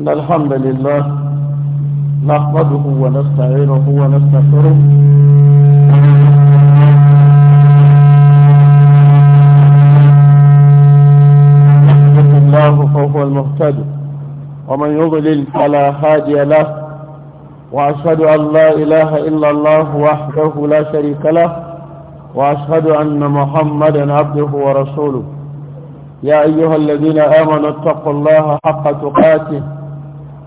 إن الحمد لله نحمده ونستعينه ونستغفره نحمد الله فهو المهتد ومن يضلل فلا هادي له وأشهد أن لا إله إلا الله وحده لا شريك له وأشهد أن محمدا عبده ورسوله يا أيها الذين آمنوا اتقوا الله حق تقاته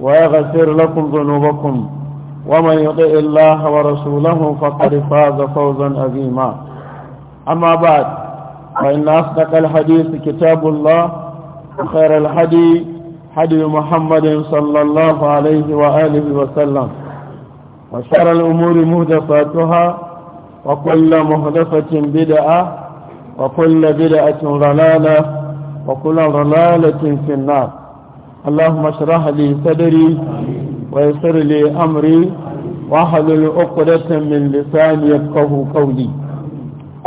ويغفر لكم ذنوبكم ومن يطع الله ورسوله فقد فاز فوزا عظيما أما بعد فإن أصدق الحديث كتاب الله وخير الهدي حدي محمد صلى الله عليه وآله وسلم وشر الأمور مهدفاتها وكل مهدفة بدعة وكل بدعة ضلالة وكل ضلالة في النار اللهم اشرح لي صدري ويسر لي أمري واحلل عقدة من لساني يفقه قولي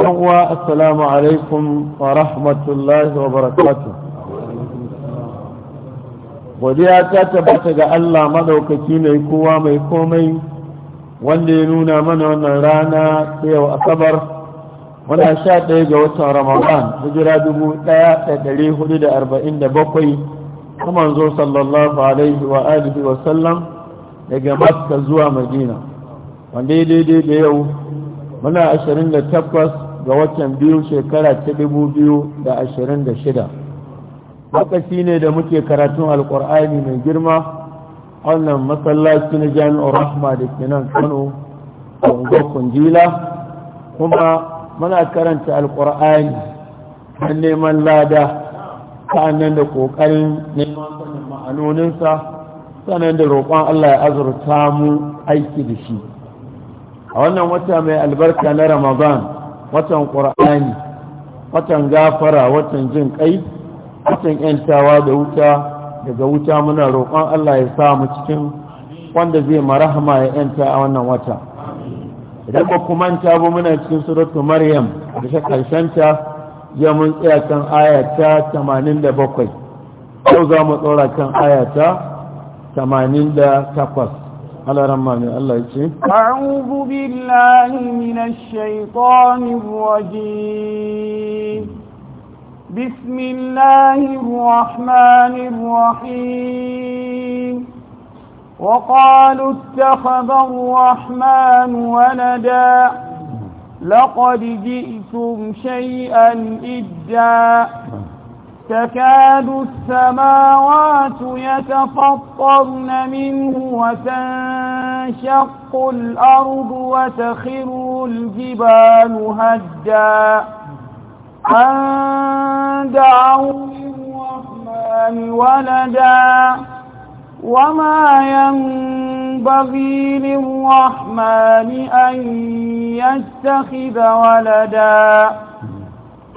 هو السلام عليكم ورحمة الله وبركاته godiya ta tabbata ga Allah madaukaki mai kowa mai komai wanda ya nuna mana wannan rana ta yau asabar muna sha ɗaya ga watan ramadan hijira dubu ɗaya da ɗari hudu da arba'in da bakwai na zo sallallahu alaihi wa alihi wa sallam daga makka zuwa madina wanda ya daidai da yau muna 28 ga watan biyu shekara ta da da ashirin shida? lokaci ne da muke karatun alkur'ani mai girma wannan masallaci na jami'ar rahma da ke nan kano a kungila kuma muna karanta alkur'ani na neman lada nan da ƙoƙarin neman sanin ma'anoninsa sannan da roƙon Allah ya azurta mu aiki da shi a wannan wata mai albarka na ramadan watan ƙur'ani watan gafara watan jin ƙai watan ‘yantawa da wuta daga wuta muna roƙon Allah ya sa mu cikin wanda zai marahama ya ‘yanta a wannan wata idan ba kuma ta bu muna cikin suratu maryam da ta ya mun tsaya kan ayata 87 yau za mu tsora kan ayata 88 على رمان الله يجي أعوذ بالله من الشيطان الرجيم بسم الله الرحمن الرحيم وقالوا اتخذ الرحمن ولداً لقد جئتم شيئا إدا تكاد السماوات يتفطرن منه وتنشق الأرض وتخر الجبال هدا أن دعوا للرحمن ولدا وما ينفع ينبغي للرحمن أن يتخذ ولدا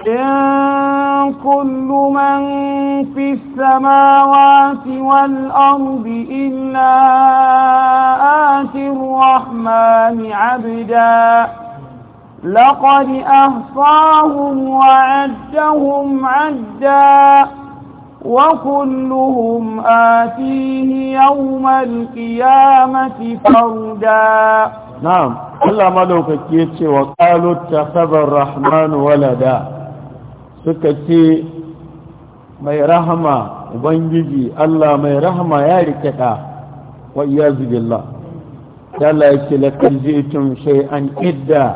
إن كل من في السماوات والأرض إلا آتي الرحمن عبدا لقد أحصاهم وعدهم عدا وكلهم آتيه يوم القيامة فردا نعم الله ملوك كيتي وقالوا اتخذ الرحمن ولدا سكتي mai rahama ubangiji Allah mai rahama ya rikida wa iyazu billah Allah yake laqad ji'tum shay'an idda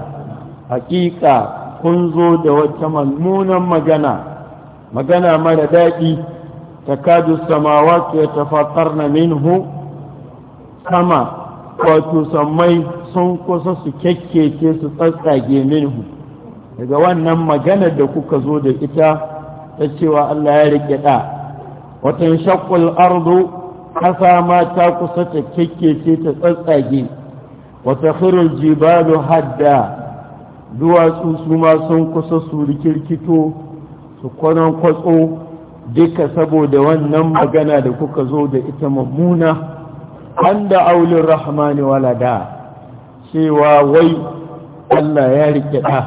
haƙiƙa kun zo da wata malmunan magana magana mara daɗi takadu samawati yatafattarna minhu kama wato sammai sun kusa su kyakkece su tsatsage minhu daga wannan maganar da kuka zo da ita ta cewa Allah ya rike da watan shaqqul ardu kasa ma ta kusa ta kyakkece ta tsatsage wata khirul jibalu hadda duwatsu su ma sun kusa su rikirkito su kwanan kwatso duka saboda wannan magana da kuka zo da ita mummuna an da aulin rahmani walada cewa wai Allah ya rike ɗa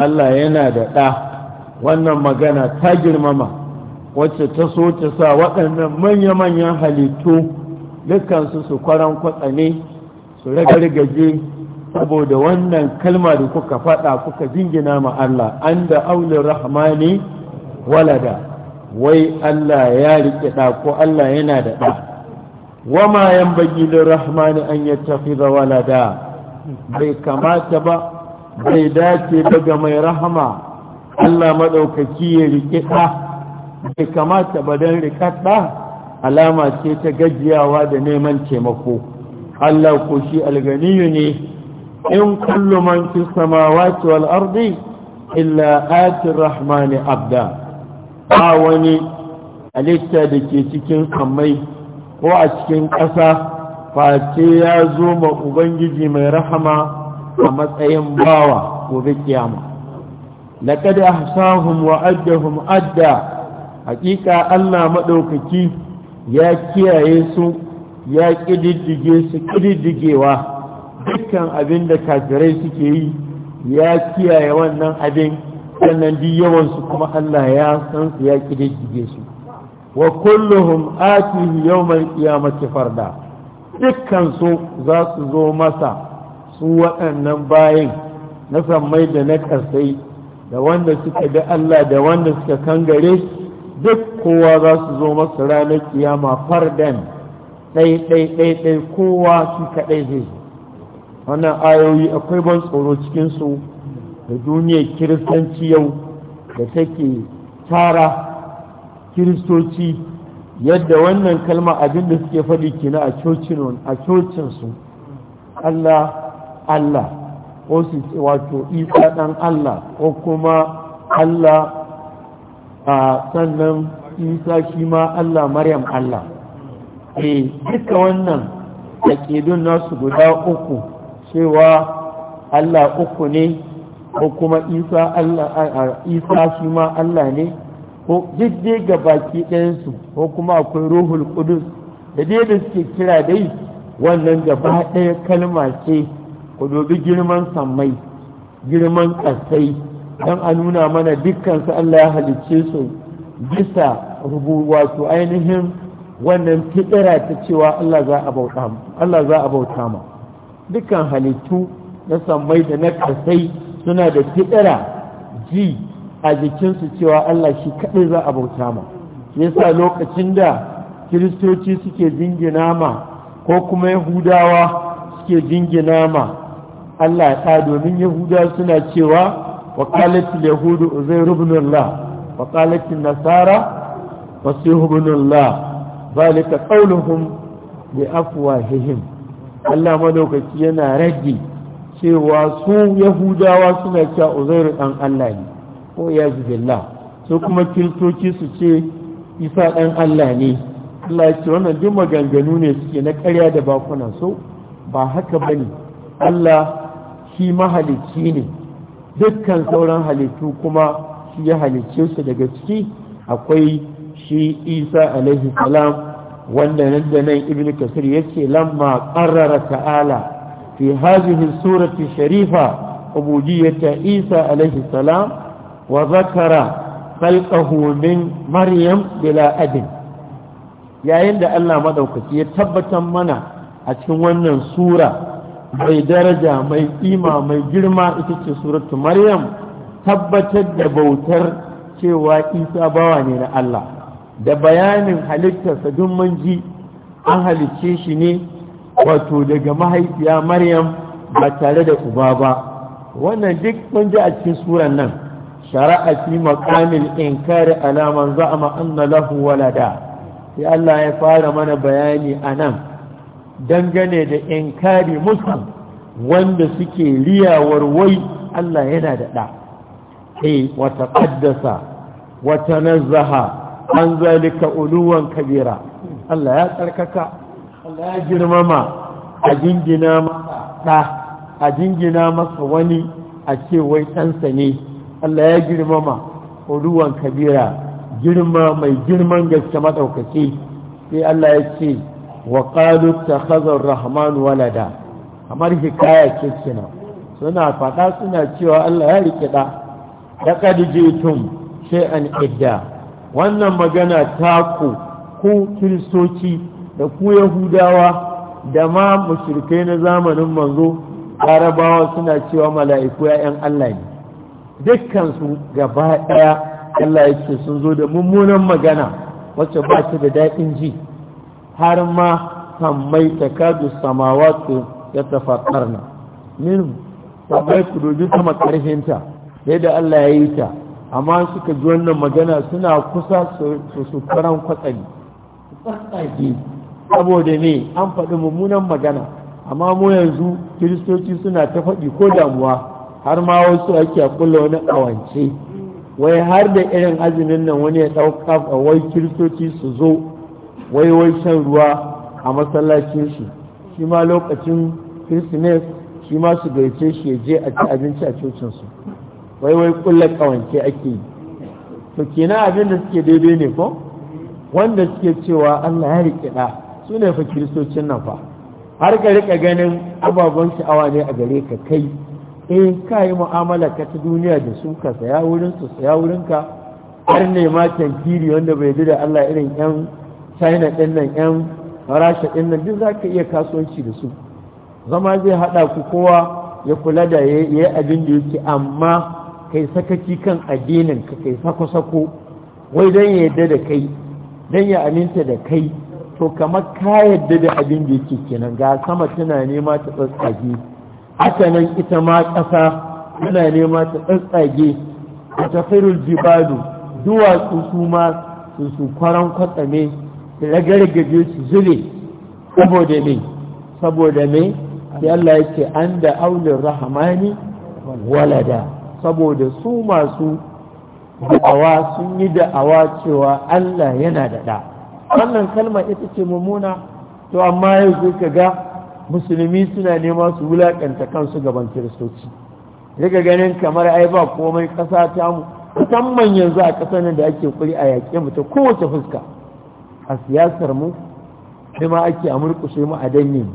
Allah yana da ɗa wannan magana ta girmama wacce ta so ta sa waɗannan manya-manyan halittu dukansu su kwaran kwatsane su ragargaje saboda wannan kalma da kuka faɗa kuka jingina ma Allah an da aulin rahmani walada wai Allah ya riƙe ɗa ko Allah yana da ɗa wama yan bagi rahmani an ya tafi walada bai kamata ba bai dace ba ga mai rahama Allah maɗaukaki ya riƙe ɗa bai kamata ba don riƙa ɗa alama ce ta gajiyawa da neman taimako Allah ko shi alganiyu ne in kullu man fi samawati wal ardi illa ati rahmani abda ba wani halitta da ke cikin kamai ko a cikin ƙasa face ya zo ma ubangiji mai rahama a matsayin bawa gobe kiyama laƙada a wa addahum adda haƙiƙa allah maɗaukaki ya kiyaye su ya ƙididdige su ƙididdigewa dukkan abin da kafirai suke yi ya kiyaye wannan abin sannan duk yawansu kuma Allah ya san su ya kididdige su wa kulluhum atihi yawmal qiyamati farda dukkan su za su zo masa su waɗannan bayin na sammai da na karsai, da wanda suka bi Allah da wanda suka kangare duk kowa za su zo masa ranar kiyama fardan ɗai ɗai ɗai ɗai kowa shi kaɗai zai wannan ayoyi akwai ban tsoro cikin su da duniyar kiristanci yau da take tara kiristoci yadda wannan kalma abin da suke faɗi kina a cocin a cocinsu Allah Allah ko su ce wato isa ɗan Allah ko kuma Allah a sannan isa shi ma Allah maryam Allah e duka wannan da nasu guda uku cewa Allah uku ne ko kuma isa allah isa shi ma allah ne ko jidde ga baki ɗayansu ko kuma akwai ruhul kudus da dai da suke kira dai wannan gaba ɗaya kalma ce ku dubi girman sammai girman ƙasai don a nuna mana dukkansu allah ya halicce su bisa rubu wato ainihin wannan fitira ta cewa allah za a bauta ma dukkan halittu na sammai da na ƙasai suna da fiɗira ji a jikinsu cewa Allah shi kaɗai za a bauta ma yasa lokacin da kiristoci suke jingina ma ko kuma yahudawa suke jingina ma Allah ta domin Yahuda suna cewa ƙalatin yahudu zai ibn wa ƙalatin nasara su fasihu ibn Allah zalika da afuwa hihim Allah lokaci yana rage cewa su yahudawa suna cewa uzairu dan Allah ne ko ya billah su kuma kiristoci su ce isa ɗan Allah ne Allah ce wannan duk maganganu ne suke na karya da bakuna so ba haka bane Allah shi mahalicci ne dukkan sauran halittu kuma shi ya halicce su daga ciki akwai shi isa alaihi salam wanda nan da nan ibn kasir yake lamma qarrara ta'ala في suratu sharifa الشريفة عبودية عيسى عليه السلام وذكر خلقه من مريم بلا أدن yayin da Allah maɗaukaci, ya tabbatar mana a cikin wannan sura mai daraja mai kima mai girma ita ce suratu maryam tabbatar da bautar cewa isa bawa ne na Allah da bayanin halittarsa duk mun ji an halicce shi ne wato daga mahaifiya maryam ba tare da uba ba wannan duk mun ji a cikin suran nan shari'a fi maqamil inkari ala man za'ama anna lahu walada sai Allah ya fara mana bayani anan dangane da inkari musu wanda suke riyawar wai Allah yana da da eh wa wata wa tanazzaha an zalika uluwan kabira Allah ya tsarkaka Allah ya girmama a jingina masa a jingina masa wani a ce wai ɗansa ne Allah ya girmama ruwan kabira girma mai girman gaske maɗaukaki sai Allah ya ce wa ta hazar rahmanu walada kamar hikaya ce suna faɗa suna cewa Allah ya riƙe ɗa tun sai an idda wannan magana ta ku kiristoci da ku yahudawa da ma mushrikai na zamanin manzo larabawa suna cewa mala'iku ‘ya'yan Allah ne dukkansu gaba ɗaya Allah yake sun zo da mummunan magana wacce ba ta da daɗin ji har ma sammai ta kadu samawa su ya tafa ƙarna min sammai ku doji ta ƙarfinta yadda Allah ya yi ta amma suka ji wannan magana suna kusa su karan kwatsani saboda me an faɗi mummunan magana amma mu yanzu kiristoci suna ta faɗi ko damuwa har ma wasu ake kulla wani ƙawance wai har da irin azumin nan wani ya ɗauka wai kiristoci su zo wai wai shan ruwa a masallacin shi shi ma lokacin kirsimes shi ma su gaice shi ya je a ci abinci a cocinsu wai wai kulla ƙawance ake yi to kenan abin da suke daidai ne ko wanda suke cewa allah ya riƙe ɗa su ne fa kiristocin nan fa har ka rika ganin ababen sha'awa ne a gare ka kai eh ka yi mu'amala ka ta duniya da su ka saya wurin su saya wurin ka har ne ma tantiri wanda bai da Allah irin yan China din nan yan Rasha din nan duk za iya kasuwanci da su zama zai hada ku kowa ya kula da ya yi abin da yake amma kai sakaci kan addinin ka kai sako-sako wai don ya yarda da kai don ya aminta da kai to kamar ka yadda da abin da yake kenan ga sama tana nema ta tsatsage haka nan ita ma ƙasa tana nema ta tsatsage a tafirul jibalu duwatsu su ma su su kwaran kwatsame su ragargaje su zule saboda me saboda me sai Allah ya ce an da aulin rahamani walada saboda su masu da'awa sun yi da'awa cewa Allah yana da da'a wannan kalma ita ce mummuna to amma yau zai ka ga musulmi suna nema su wulaƙanta kansu gaban kiristoci daga ganin kamar ai ba komai ƙasa ta mu musamman yanzu a ƙasar nan da ake kuri a yaƙe mu ta kowace fuska a siyasar mu ma ake a murƙushe mu a danne mu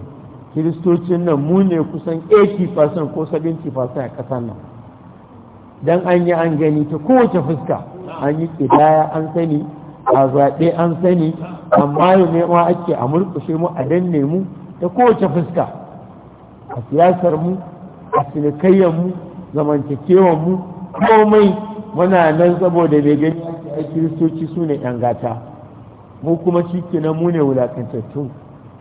kiristocin nan mu ne kusan 80% ko 70% a ƙasar nan dan an yi an gani ta kowace fuska an yi ƙidaya an sani a zaɓe an sani amma yi nema ake a murkushe mu a danne mu ta kowace fuska a siyasar mu a sinikayyar mu zamantakewar mu komai muna nan saboda bai gani a kiristoci su ne yan gata mu kuma shi na mu ne wulakantattu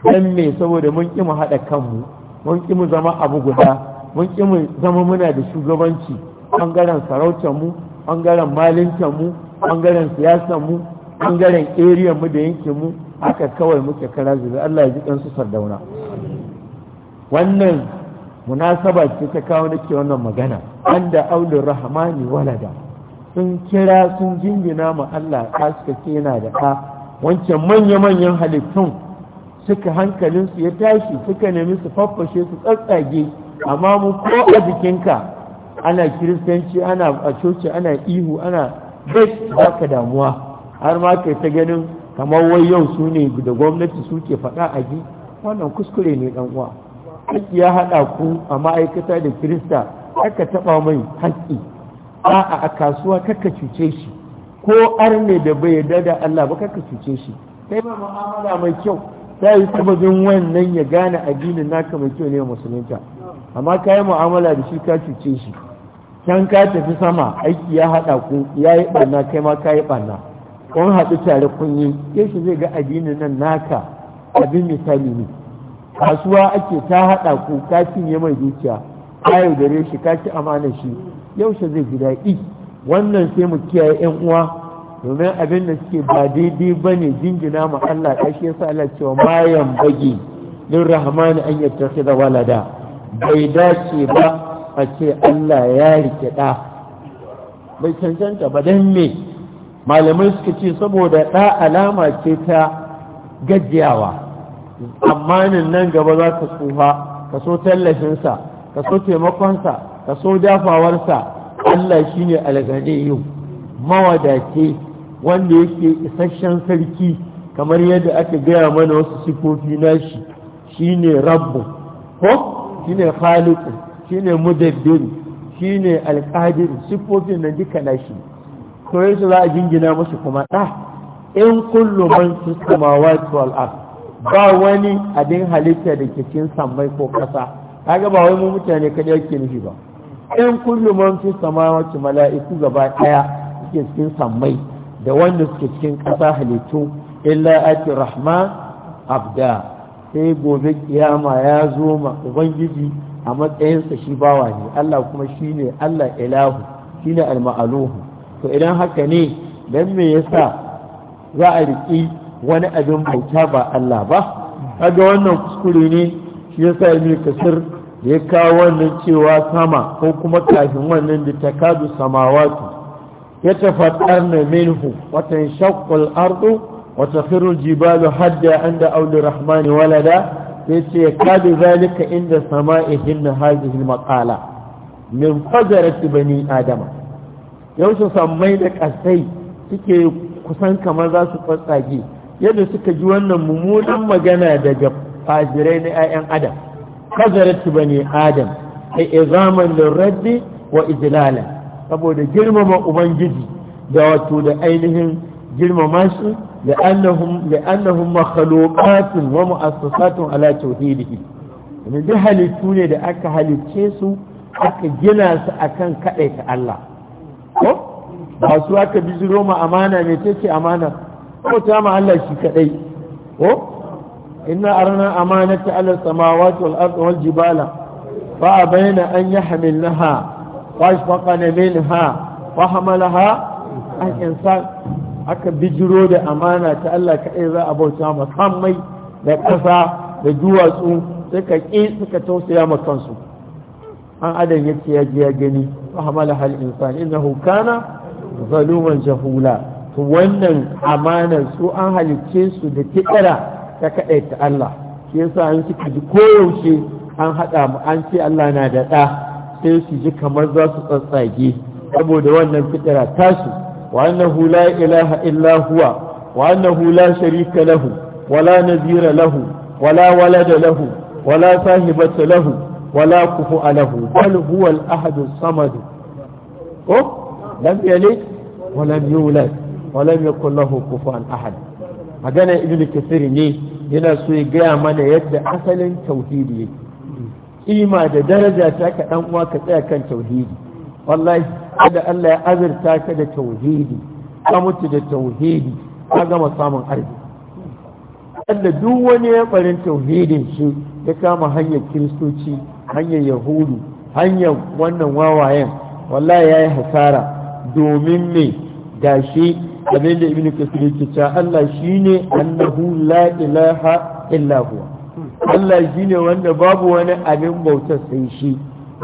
dan mai saboda mun ƙi haɗa kanmu mun ƙi mu zama abu guda mun ƙi zama muna da shugabanci ɓangaren sarautar mu ɓangaren malintar mu ɓangaren siyasar mu bangaren area mu da yankin mu aka kawai muke kara zube Allah ya ji ɗansu sardauna wannan munasaba ce ta kawo nake wannan magana anda aulur rahmani walada sun kira sun jingina ma Allah ka suka ce yana da ka wancan manya-manyan halittun suka hankalinsu ya tashi suka nemi su faffashe su tsatsage amma mu ko a jikinka ana kiristanci ana a coci ana ihu ana bai ka damuwa har ma kai ta ganin kamar wai yau su ne da gwamnati su ke faɗa a ji wannan kuskure ne dan uwa haƙƙi ya haɗa ku a ma'aikata da kirista aka taɓa mai haƙƙi a a kasuwa kaka cuce shi ko arne da bai yarda da Allah ba kaka cuce shi kai ma mu'amala mai kyau ta yi sababin wannan ya gane addinin naka mai kyau ne musulunta amma ka yi mu'amala da shi ka cuce shi can ka tafi sama aiki ya haɗa ku ya yi ɓanna kai ma ka yi ɓanna kun haɗu tare kun yi yashi zai ga addinin nan naka abin misali ne kasuwa ake ta haɗa ku ka cinye mai zuciya ka yaudare shi ka ci amana shi yaushe zai ji daɗi wannan sai mu kiyaye yan uwa domin abin da suke ba daidai ba ne jinjina ma Allah shi yasa Allah cewa mayan bagi lin rahmani an da walada bai dace ba a ce Allah ya rike ɗa bai cancanta ba dan me malamai suka ce saboda ɗa alama ce ta gajiyawa amma nan gaba za ka tsufa ka so tallafinsa ka so taimakonsa ka so dafawarsa Allah shi ne yau. mawadace wanda yake isasshen sarki kamar yadda aka gaya mana wasu sifofi nashi shi ne rabbu ko shi ne khaliku shi ne mudabbiru shi ne alƙadiru sifofin nan duka nashi to su za a jingina musu kuma ɗa ah, in kullu man fi samawati ba wani abin halitta da ke cikin samai ko ƙasa kaga ba wai mu mutane kaɗai yake nufi ba in kullu man fi mala'iku gaba ɗaya suke cikin samai da wanda suke cikin ƙasa halittu illa ati rahma abda sai gobe kiyama ya zo ma ubangiji a matsayinsa shi bawa ne Allah kuma shine Allah ilahu shine al-ma'aluhu to idan haka ne don me yasa za a riƙi wani abin bauta ba Allah ba kaga wannan kuskure ne shi yasa ibn kasir ya kawo wannan cewa sama ko kuma kafin wannan da takadu samawatu ya tafadarna minhu wata shakul ardu wa tafiru jibalu hadda da, auli rahmani walada ya kadu zalika inda sama'ihin hadhihi almaqala min fajarati bani adama yaushe sammai da ƙasai suke kusan kamar za su tsatsage yadda suka ji wannan mummunan magana daga fajirai na 'ya'yan adam ba ne adam a izaman raddi wa ijlalan saboda girmama ubangiji da wato da ainihin girmama shi ala لأنهم مخلوقات ومؤسسات halittu ne da aka halicce su, aka gina su akan أكا ta Allah? ko ba su aka bijiro ma amana ne ce ce amana ko ta ma Allah shi kadai ko inna arana amanata ala samawati wal ardi wal jibala fa bayna an yahmilnaha wa ha, minha wa hamalaha an insan aka bijiro da amana ta Allah kadai za a bauta ma kamai da kasa da duwatsu suka ƙi suka tausaya ma kansu an adam yake ya ji ya gani فحملها الإنسان إنه كان jahula. جهولا wannan amanar su an halicce su da kiɗara ta ta Allah shi yasa an suka ji koyaushe an haɗa mu an ce Allah na da ɗa sai su ji kamar za su tsatsage saboda wannan fitira tasu wa annahu la ilaha illa huwa wa annahu la sharika lahu wala nazira lahu wala walada lahu wala sahibata lahu ولا كفؤ له بل هو الأحد الصمد لم يلد ولم يولد ولم يكن له كفوا أحد magana ibn kasir ne yana so ya gaya mana yadda asalin tauhidi yake kima da daraja ta ka uwa ka tsaya kan tauhidi wallahi kada Allah ya azurta ka da tauhidi ka mutu da tauhidi ka gama samun arziki Allah duk wani ya barin tauhidin shi ya kama hanyar kiristoci hanyar yahudu hanyar wannan wawayen wallahi ya yi hasara domin mai gashi shi abin da ibn kasir yake cewa Allah shine annahu la ilaha illa huwa Allah ne wanda babu wani abin bauta sai shi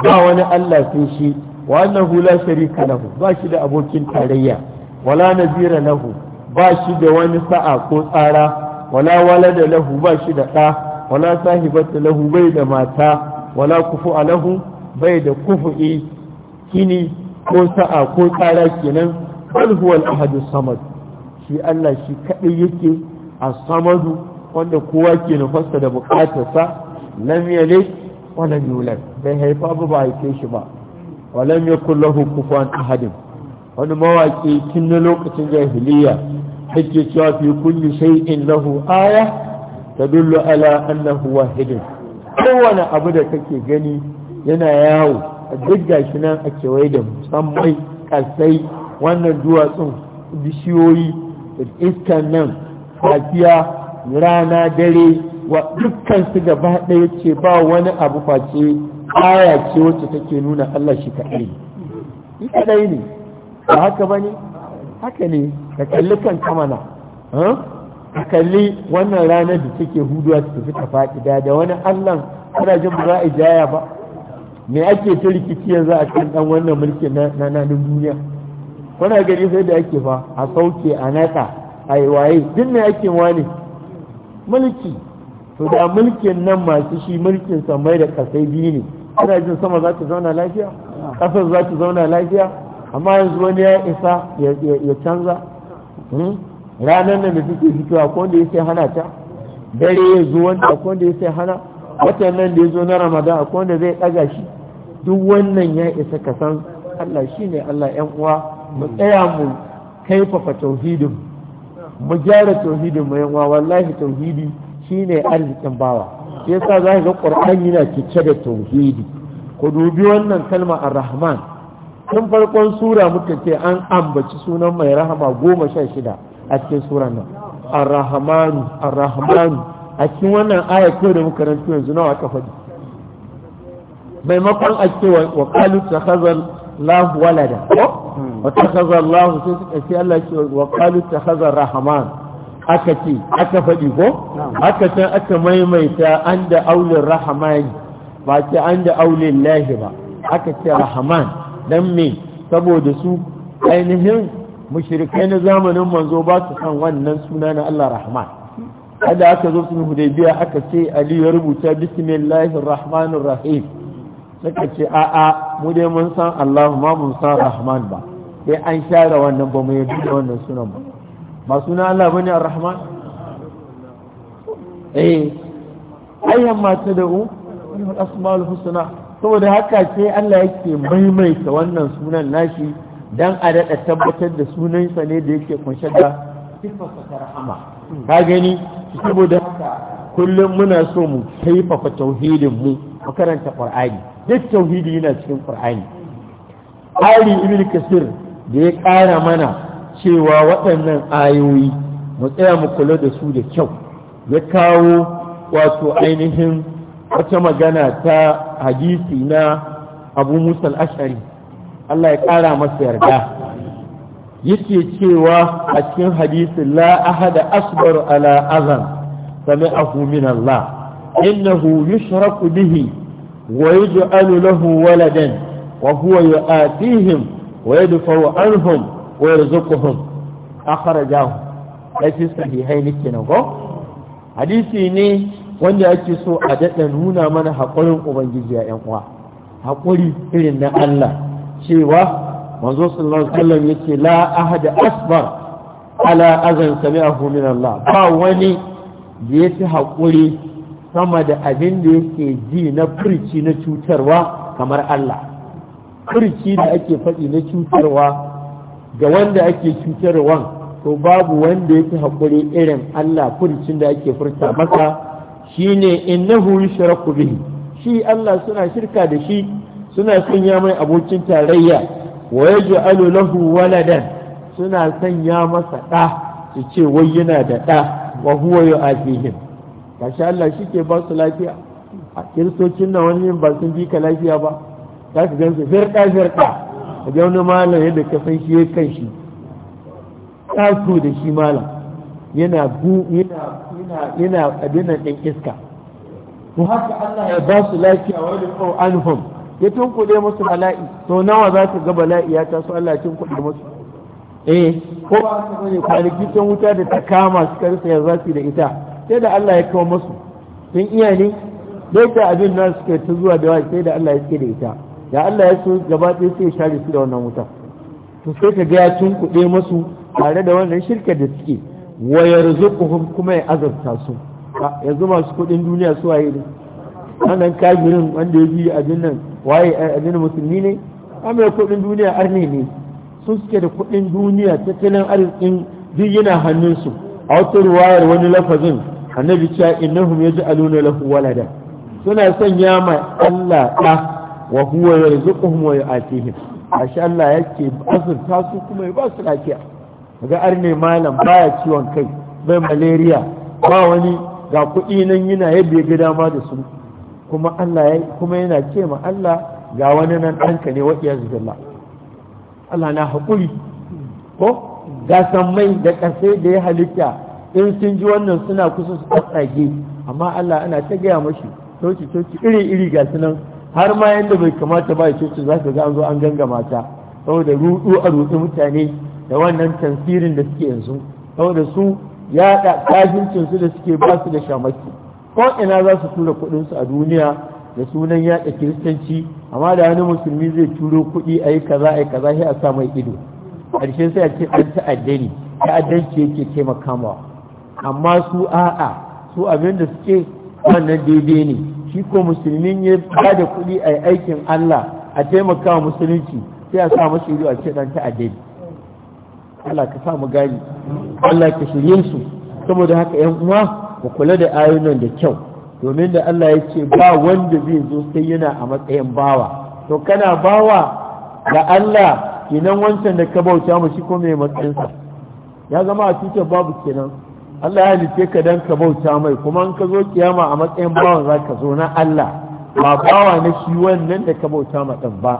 ba wani Allah sai shi wa annahu la sharika lahu ba shi da abokin tarayya wala nazira lahu ba shi da wani sa'a ko tsara wala walada lahu ba shi da ɗa wala sahibata lahu bai da mata wala kufu alahu bai da kufu'i kini ko sa'a ko tsara kenan bal huwa al-ahadu samad shi Allah shi kadai yake as-samadu wanda kowa ke nufarsa da bukatarsa lam yalid wa lam yulad bai haifa ba ba shi ba wa lam yakul lahu kufuwan ahad wani mawaki tun na lokacin jahiliya yake cewa fi kulli shay'in lahu aya tadullu ala annahu wahidun kowane abu da kake gani yana yawo a duk gashi nan a kewaye da musamman kasai wannan duwatsun bishiyoyi iskan nan safiya rana dare wa dukkan su gaba ɗaya ce ba wani abu face kaya ce wacce take nuna Allah shi kaɗai ne kaɗai ne ba haka ba ne haka ne ka kalli kan kamana a kalli wannan ranar da take huduwa su tafi faɗi da wani allon ana jin ba za a jaya ba me ake ta rikici yanzu a kan dan wannan mulkin na nanin duniya kuna gari sai da ake fa a sauke a naka a yi waye duk me ake wani mulki to da mulkin nan masu shi mulkin samai da kasai biyu ne kuna jin sama za ta zauna lafiya ƙasar za ta zauna lafiya amma yanzu wani ya isa ya canza hmm? ranar nan da suke fitowa ko da sai hana ta dare ya zo wanda ko da sai hana watan nan da ya zo na ramadan ko da zai daga shi duk wannan ya isa ka san Allah ne Allah yan uwa mu tsaya mu kaifafa tauhidin mu gyara tauhidin mu yan uwa wallahi tauhidi shine arzikin bawa shi yasa za ga qur'ani yana cike da tauhidi ko dubi wannan kalma ar-rahman tun farkon sura muka ce an ambaci sunan mai rahama goma sha shida a cikin suran nan ar-rahmanu a cikin wannan aya ko da muka rantu yanzu nawa aka faɗi maimakon a ce wa qalu takhazal lahu walada wa takhazal lahu sai suka ce Allah ce wa qalu takhazal rahman aka ce aka faɗi ko aka ce aka maimaita an da aulin rahmani ba ce an da aulin lahi ba aka ce rahman dan me saboda su ainihin mushrikai na zamanin manzo ba su san wannan suna na Allah rahman kada aka zo sun hudaybiya aka ce ali ya rubuta bismillahir rahmanir rahim suka ce a'a mu dai mun san Allah ma mun san rahman ba sai an share wannan ba mu yarda da wannan sunan ba ba suna Allah bane ar-rahman eh ayyan ma ta da'u wal asmaul husna saboda haka sai Allah yake maimaita wannan sunan nashi dan a daɗa tabbatar da sunansa ne da yake kunshe da siffarsa ta rahama ka gani saboda kullum muna so mu kaifafa tauhidin mu makaranta karanta qur'ani duk tauhidi yana cikin qur'ani ali ibn kasir da ya ƙara mana cewa waɗannan ayoyi mu tsaya mu kula da su da kyau ya kawo wato ainihin wata magana ta hadisi na abu Musal ashari Allah ya ƙara masa yarda yake cewa a cikin hadisi la ahada asbar ala azan sami'ahu min Allah innahu yushraku bihi wa yuj'alu lahu waladan wa huwa yu'atihim wa yadfa'u anhum wa yarzuquhum akhrajahu lafi sahihain kenan go? hadisi ne wanda ake so a dada nuna mana haƙurin ubangiji ya ƴan uwa haƙuri irin na Allah cewa manzo sallallahu alaihi wasallam yake la ahada asbar ala azan sami'ahu min Allah ba wani da yake hakuri sama da abin da yake ji na furci na cutarwa kamar Allah furci da ake faɗi na cutarwa ga wanda ake cutarwa to babu wanda yake hakuri irin Allah furcin da ake furta masa shine innahu yushraku bihi shi Allah suna shirka da shi suna sanya mai abokin tarayya wa yaj'alu lahu waladan suna sanya masa ɗa su ce wai yana da ɗa wa huwa asihin. kashi Allah shi ke ba su lafiya a kiristocin na wani ba sun bi ka lafiya ba za su gan su firɗa firɗa a ga wani malam yadda ka san shi ya kan shi ɗaku da shi malam yana bu yana yana ɗin iska Ku haka Allah ya ba su lafiya wani yadda anhum ya tunkuɗe musu bala'i to nawa za ka ga bala'i ya taso Allah ya tunkuɗe musu eh ko ba su bane kwanaki ta wuta da ta kama su karsa ya za da ita sai da Allah ya kawo musu tun iya ne dai ta abin nan suke ta zuwa da wani sai da Allah ya ce da ita da Allah ya so gaba ɗaya sai ya share su da wannan wuta to sai ka ga ya tunkuɗe musu tare da wannan shirka da suke wayar yarzuquhum kuma ya azabta su yanzu masu kuɗin duniya su waye ne wannan kafirin wanda ya bi abin nan waye eh, abin musulmi ne mai kuɗin duniya arne ne sun suke da kuɗin duniya tattalin arzikin duk yana hannunsu a wata ruwayar wani lafazin annabi cewa innahum yaj'aluna lahu walada suna sanya ma Allah da wa huwa yarzuquhum wa yu'atihim ashe Allah yake azurta su kuma ya ba su lafiya ga arne malam baya ciwon kai bai malaria ba wani ga kuɗi nan yana yadda ya ga dama da su kuma Allah ya kuma yana ce ma Allah ga wani nan ɗanka ne waɗiya zubillah Allah na haƙuri ko ga mai da ƙasai da ya halitta in sun ji wannan suna kusa su tsage amma Allah ana ta gaya mashi coci coci iri iri ga su har ma yadda bai kamata ba coci za ka ga an zo an gangama ta saboda rudu a rudu mutane da wannan tansirin da suke yanzu saboda su ya da su da suke ba su da shamaki ko ina za su tura kuɗinsu a duniya da sunan yaɗa kiristanci amma da wani musulmi zai turo kuɗi a yi kaza a yi kaza sai a sa mai ido ƙarshe sai a ce ɗan ta'adda ne ta'addanci yake taimaka ma amma su a'a su abin da suke wannan daidai ne shi ko musulmin ya ba da kuɗi a yi aikin Allah a taimaka wa musulunci sai a sa masa ido a ce ɗan ta'adda ne Allah ka sa mu gani Allah ka shirye su saboda haka 'yan uwa ku kula da ayunan da kyau domin da Allah ya ce ba wanda zai zo sai yana a matsayin bawa to kana bawa ga Allah kenan wancan da ka bauta mu shi ko mai matsayinsa ya zama a tutar babu kenan Allah ya halitte ka dan ka bauta mai kuma in ka zo kiyama a matsayin bawan za ka zo na Allah ba bawa na shi wannan da ka bauta ma ɗan ba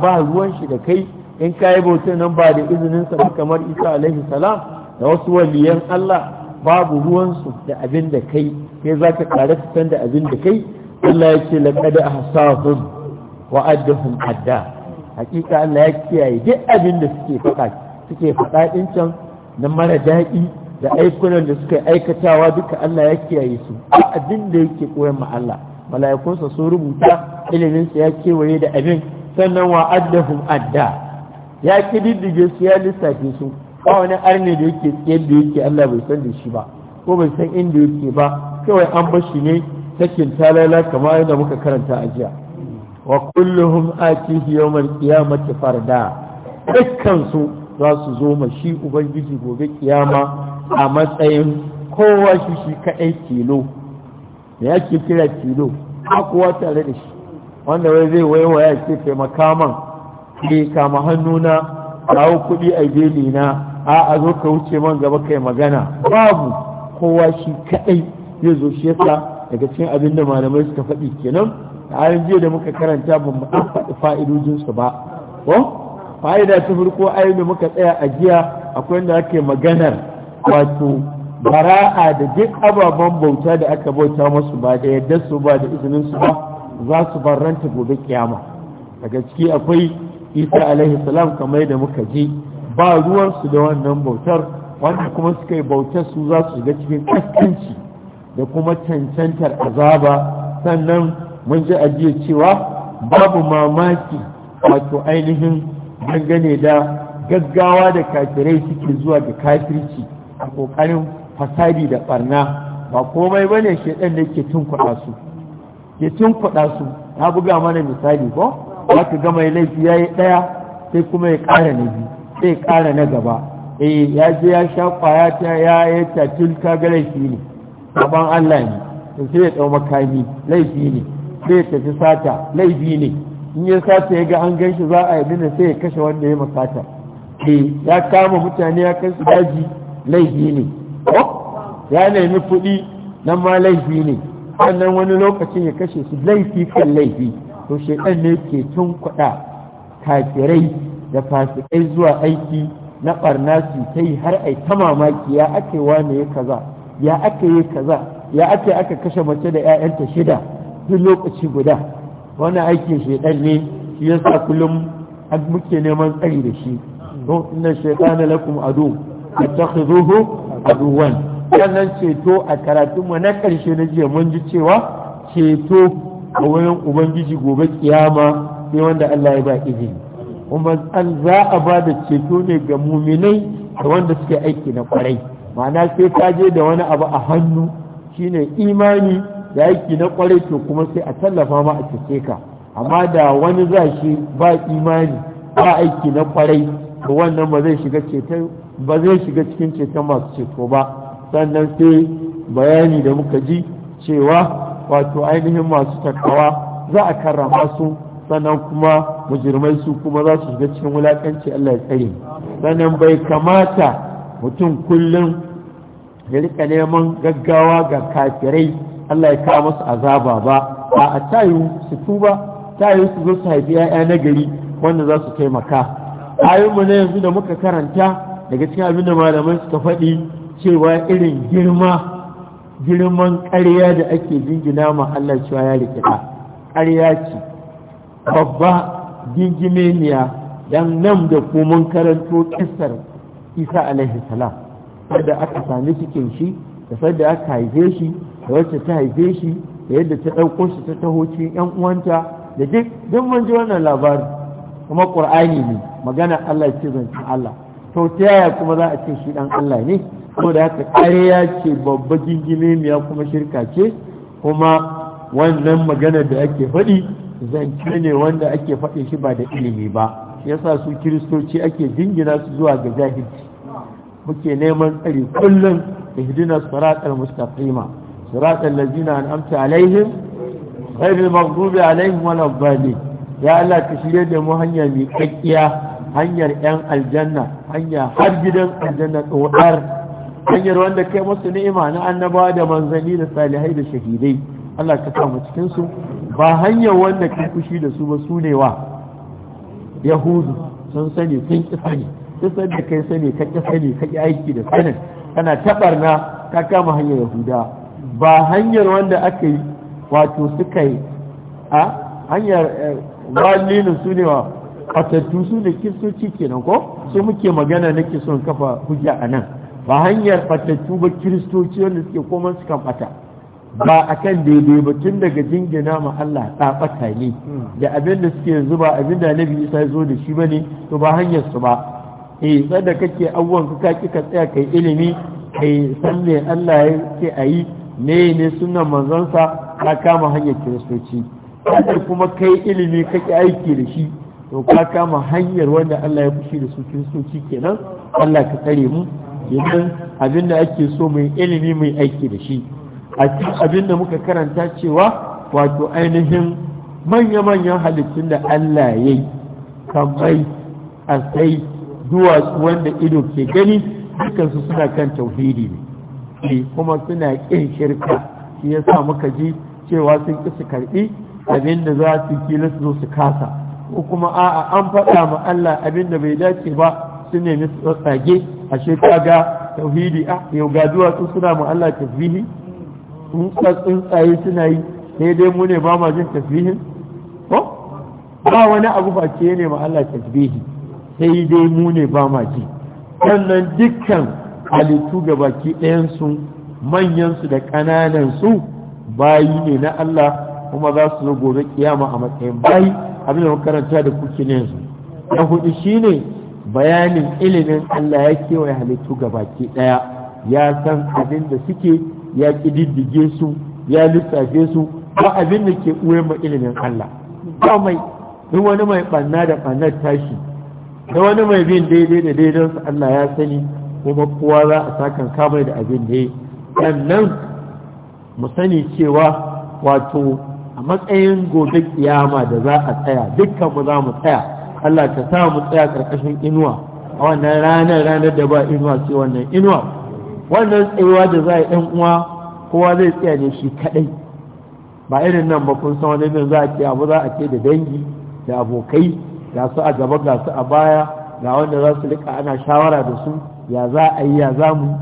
ba ruwan shi da kai in ka yi nan ba da izininsa ba kamar isa alaihi salam da wasu waliyan Allah babu ruwansu da abin da kai ke za ka kare su da abin da kai Allah ya ce laƙada a hasahun wa addahun adda hakika Allah ya kiyaye duk abin da suke faɗa suke faɗa ɗin can na mara daɗi da aikunan da suka aikatawa duka Allah ya kiyaye su abin da yake koyan ma Allah mala'ikunsa sun rubuta iliminsa ya kewaye da abin sannan wa addahum adda ya kididdige su ya lissafe su ba wani arne da yake yadda yake Allah bai san da shi ba ko bai san inda yake ba kawai an shi ne sakin talala kamar yadda muka karanta a jiya wa kulluhum atihi yawmal qiyamati farda dukkan su za su zo ma shi ubangiji gobe kiyama a matsayin kowa shi shi kadai tilo me yake kira tilo a kowa tare da shi wanda wai zai waiwaya ce taimaka man ke kama hannuna kawo kuɗi a gelina a a zo ka wuce man gaba kai magana babu kowa shi kadai zai zo shi yasa daga cikin abin da malamai suka faɗi kenan a halin jiya da muka karanta ba mu faɗi su ba ko fa'ida ta farko ayin da muka tsaya a jiya akwai inda ake maganar wato bara'a da duk ababen bauta da aka bauta masu ba da yadda su ba da izinin su ba za su barranta gobe kiyama daga ciki akwai isa alaihi salam kamar da muka ji ba ruwansu da wannan bautar wanda kuma suka yi bautar su za su shiga cikin kaskanci da kuma cancantar azaba sannan mun ji ajiye cewa babu mamaki wato ainihin dangane da gaggawa da kafirai suke zuwa ga kafirci a kokarin fasadi da barna ba komai bane shaɗan da ke tun kuɗa su ke tun kuɗa su na buga mana misali ba za ka gama laifi ya yi ɗaya sai kuma ya ƙara na biyu zai ƙara na gaba eh ya je ya sha ƙwaya ta ya yi tatil ta ga laifi ne saban Allah ne to sai ya ɗau makami laifi ne sai ya tafi sata laifi ne in ya sata ya ga an gan shi za a yi dina sai ya kashe wanda ya masata eh ya kama mutane ya kai su daji laifi ne ya nemi kuɗi nan ma laifi ne sannan wani lokacin ya kashe su laifi kan laifi to shekan ne ke tun kuɗa kafirai da fasikai zuwa aiki na barna su ta yi har ai ta mamaki ya ake wane ya kaza ya ake yi kaza ya ake aka kashe mace da 'ya'yanta shida duk lokaci guda wani aikin shaidan ne shi sa kullum muke neman tsari da shi don inna da lakum adu attakhidhuhu aduwan sannan ceto a karatun mu na karshe na jiya mun ji cewa ceto a wurin ubangiji gobe kiyama sai wanda Allah ya ba izini kuma an za a ba da ceto ne ga muminai da wanda suke aiki na kwarai ma'ana sai ka je da wani abu a hannu shine imani da aiki na kwarai to kuma sai a tallafa ma a cike ka amma da wani za shi ba imani ba aiki na kwarai to wannan ba zai shiga ceto ba zai shiga cikin ceton masu ceto ba sannan sai bayani da muka ji cewa wato ainihin masu takawa za a karrama su sannan kuma mujirmai su kuma za su shiga cikin wulakanci Allah ya tsare sannan bai kamata mutum kullum ya rika neman gaggawa ga kafirai Allah ya kawo masu azaba ba a a tayu su tuba tayu su zo su haifi ya'ya na gari wanda za su taimaka mu na yanzu da muka karanta daga cikin abin da malamai suka faɗi cewa irin girma girman ƙarya da ake jingina ma Allah cewa ya rikita. ƙarya ce babba gingimeniya dan nan da ku mun karanto kissar isa alaihi salam wanda aka sami cikin shi da sadda aka haife shi da wacce ta haife shi da yadda ta ɗauko shi ta taho cikin yan uwanta da duk duk mun ji wannan labari kuma qur'ani ne magana Allah ce zancen Allah to ta yaya kuma za a ce shi dan Allah ne saboda haka ƙarya ce babba gingimemiya kuma shirka ce kuma wannan magana da ake faɗi zance ne wanda ake faɗe shi ba da ilimi ba yasa su kiristoci ake jingina su zuwa ga jahilci muke neman tsari kullum da hidina siratal mustaqima na amsa an'amta alaihim ghairil maghdubi alaihim waladdallin ya Allah ka shirye da mu hanya mai kakkiya hanyar yan aljanna hanya har gidan aljanna tsodar hanyar wanda kai musu ni'ima na annabawa da manzanni da salihai da shahidai Allah ka samu cikin su ba hanyar wanda ka kushi da su ba su ne wa yahudu sun sani sun ki sani sun san da kai sani ka ki sani ka ki aiki da sanin kana na ka kama hanyar yahuda ba hanyar wanda aka yi wato suka yi a hanyar eh, walilin su ne wa fatattu su ne kiristoci kenan ko sai muke magana nake son kafa hujja a nan ba hanyar fatattu ba kiristoci wanda suke koma su kan fata ba a kan daidai ba tun daga jingina ma Allah ɗaɓata ne da abin da suke yanzu ba abin da nabi isa zo da shi ba ne to ba hanyar su ba eh da kake abubuwan ka kaki ka tsaya kai ilimi kai san me Allah ya ce a ne ne sunan manzansa ka kama hanyar kiristoci kada kuma kai ilimi kake aiki da shi to ka kama hanyar wanda Allah ya fushi da su kiristoci kenan Allah ka tsare mu kenan abin da ake so mai ilimi mai aiki da shi a cikin abin da muka karanta cewa wato ainihin manya-manyan halittun da Allah ya yi kamai sai duwatsu wanda ido ke gani su suna kan tauhidi ne eh, kuma suna ƙin shirka shi ya sa muka ji cewa sun ƙi su karɓi abin da za su kila su su kasa ko kuma a'a an faɗa ma Allah abin da bai dace ba su nemi su tsage a shekaga tauhidi a ah, yau ga duwatsu suna ma Allah tasbihi tsuntsaye suna yi sai dai mu ne ba ma jin tasbihin ko ba wani abu face ne ma Allah tasbihi sai dai mu ne ba ma ji sannan dukkan halittu ga baki ɗayansu manyansu da su bayi ne na Allah kuma za su zo gobe kiyama a matsayin bayi abin da makaranta da kuke ne yanzu na hudu shine bayanin ilimin Allah ya kewaye halittu ga baki ɗaya ya san abin da suke ya ƙididdige su ya lissafe su ba abin da ke uwe ma ilimin Allah ba mai duk wani mai ɓanna da bannar tashi da wani mai bin daidai da daidan su Allah ya sani kuma kowa za a sakan kamar da abin da ya sannan mu sani cewa wato a matsayin gobe kiyama da za a tsaya dukkan mu za mu tsaya Allah ta sa mu tsaya karkashin inuwa a wannan ranar ranar da ba inuwa sai wannan inuwa wannan tsayuwa da za a ɗan uwa kowa zai tsaya ne shi kaɗai ba irin nan ba kun san wani min za a ce abu za a ce da dangi da abokai ga su a gaba ga su a baya ga wanda za su rika ana shawara da su ya za a yi ya za mu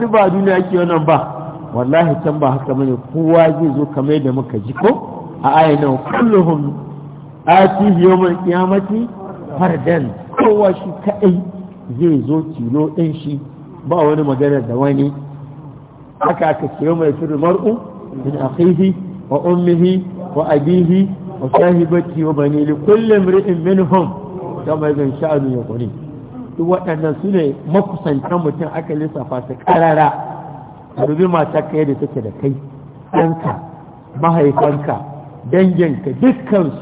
duk ba a duniya ke wannan ba wallahi can ba haka bane kowa zai zo kamar da muka ji ko a ayyana kulluhum atihi yawmal qiyamati fardan kowa shi kaɗai zai zo tilo din shi ba wani magana da wani haka aka ce mai firin mar'u min akhihi wa ummihi wa abihi wa sahibati wa bani li kulli imri'in minhum kama sha'ani sha'anu kuri duk waɗannan su ne makusantan mutum aka lissafa su karara rubi mata kai da take da kai ɗanka mahaifanka danginka dukkan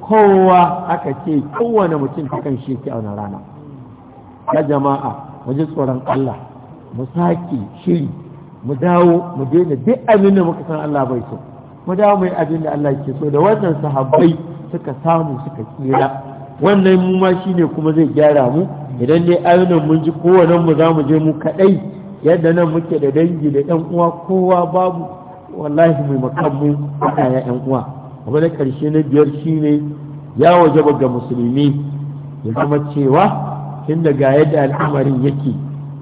kowa aka ce kowane mutum ta kan shi ke a rana ya jama'a mu ji tsoron Allah mu sake shiri mu dawo mu daina duk abin da muka san Allah bai so mu dawo mai abin da Allah ke so da wannan sahabbai suka samu suka tsira wannan mu ma shine kuma zai gyara mu idan dai ayunan mun ji kowanne mu za mu je mu kadai yadda nan muke da dangi da yan uwa kowa babu wallahi mai makamu a ya yan uwa abu na karshe na biyar shine ya wajaba ga musulmi ya zama cewa tun daga yadda al'amarin yake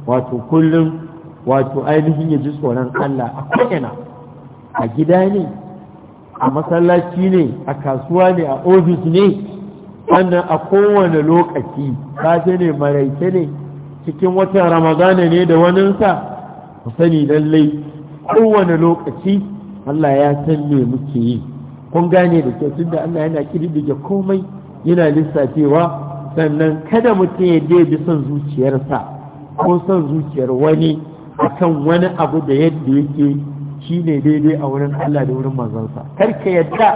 wato kullum wato ainihin ya ji tsoron Allah a ko'ina a gida ne a masallaci ne a kasuwa ne a ofis ne wannan a kowane lokaci safe ne maraice ne cikin watan ramadana ne da waninsa ku sani lallai kowane lokaci Allah ya san me muke yi kun gane da kyau da Allah yana kirdige komai yana lissacewa sannan kada mutum ya je son zuciyarsa ko son zuciyar wani akan wani abu da yadda yake shi ne daidai a wurin Allah da wurin manzansa karka yadda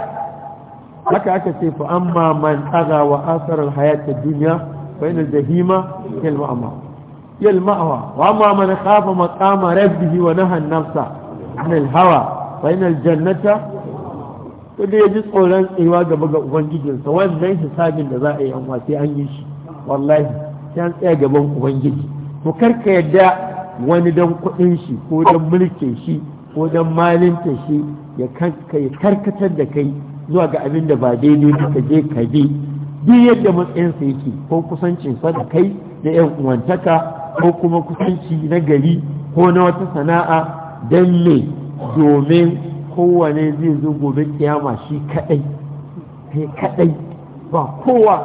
haka aka ce fa amma man tsaga wa asarar hayatar duniya bayan jahima yalma amma yalma wa amma man khafa maqama rabbihi wa nahan nafsa anil hawa bayan jannata ko dai ya ji tsoron tsayuwa gaba ga ubangijinsa wannan hisabin da za a yi amma sai an yi shi wallahi sai an tsaya gaban ubangiji to karka ka yadda wani dan kuɗin shi ko dan mulkin shi ko dan malinta shi ya karkatar da kai zuwa ga abin da ba daidai ka je ka bi duk yadda matsayinsa yake ko kusancin sa da kai da yan uwantaka ko kuma kusanci na gari ko na wata sana'a don me domin kowane zai zo gobe kiyama shi kadai kai kadai ba kowa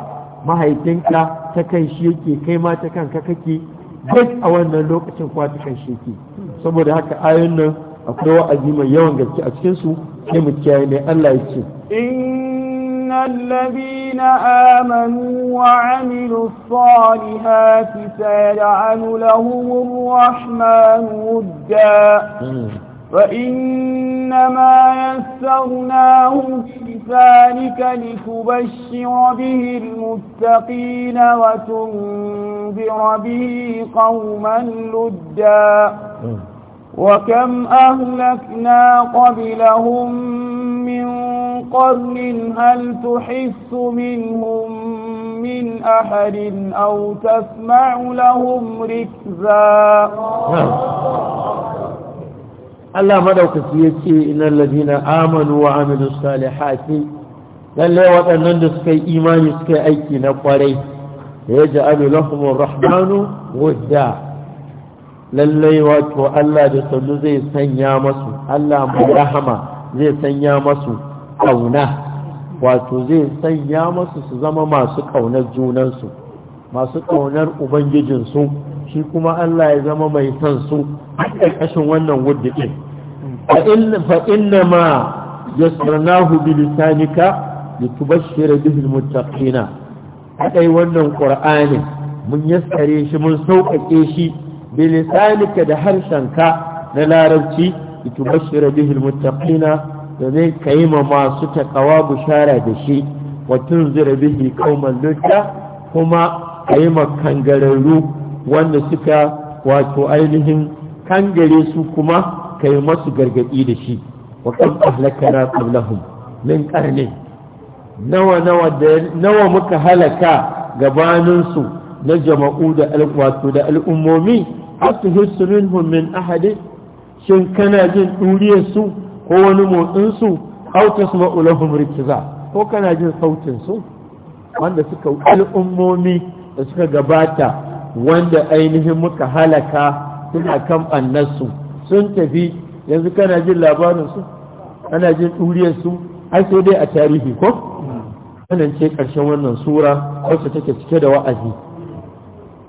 mahaifinka ta kan shi yake kai ma ta kanka kake duk a wannan lokacin kwa ta kan shi yake saboda haka ayon nan akwai wa'azi mai yawan gaske a cikin su sai mu kiyaye ne Allah ya ce الذين آمنوا amanu wa سيجعل لهم الرحمن lahumur فإنما يسرناه بذلك لتبشر به المتقين وتنذر به قوما لدا وكم أهلكنا قبلهم من قرن هل تحس منهم من أحد أو تسمع لهم ركزا نعم. Allah madaukaki ya ce na ladina amanu wa amilus salihati lalle waɗannan da suka yi imani suka yi aiki na kwarai ya ja'alu lahumur rahmanu wadda lalle wato Allah da sallu zai sanya masu Allah mai rahama zai sanya masu ƙauna wato zai sanya masu su zama masu ƙaunar junansu masu ƙaunar ubangijinsu shi kuma Allah ya zama mai son su a ƙarƙashin wannan wuddiƙin fa inna ma yasrnahu bi lisanika litubashshira bihi almuttaqina kadai wannan qur'anin mun yassare shi mun sauƙaƙe shi bi lisanika da harshenka na larabci litubashshira bihi almuttaqina domin kai ma masu takawa bushara da shi wa tunzira bihi qauman lutta kuma kai ma kangararru wanda suka wato ainihin kangare su kuma ka yi masu gargaɗi da shi wa kam na qablahum min ƙarni nawa muka halaka gabaninsu na jama'u da alƙwato da al'ummomi hatta su minhum min ahadi shin kana jin ɗuriyarsu su ko wani motsin su ma'ulahun rikiza ko kana jin sautin wanda suka al'ummomi da suka gabata wanda ainihin muka halaka suna kan annarsu sun tafi yanzu kana jin labarinsu ana jin ɗuriyarsu ai sai dai a tarihi ko wannan ce ƙarshen wannan sura wacce take cike da wa'azi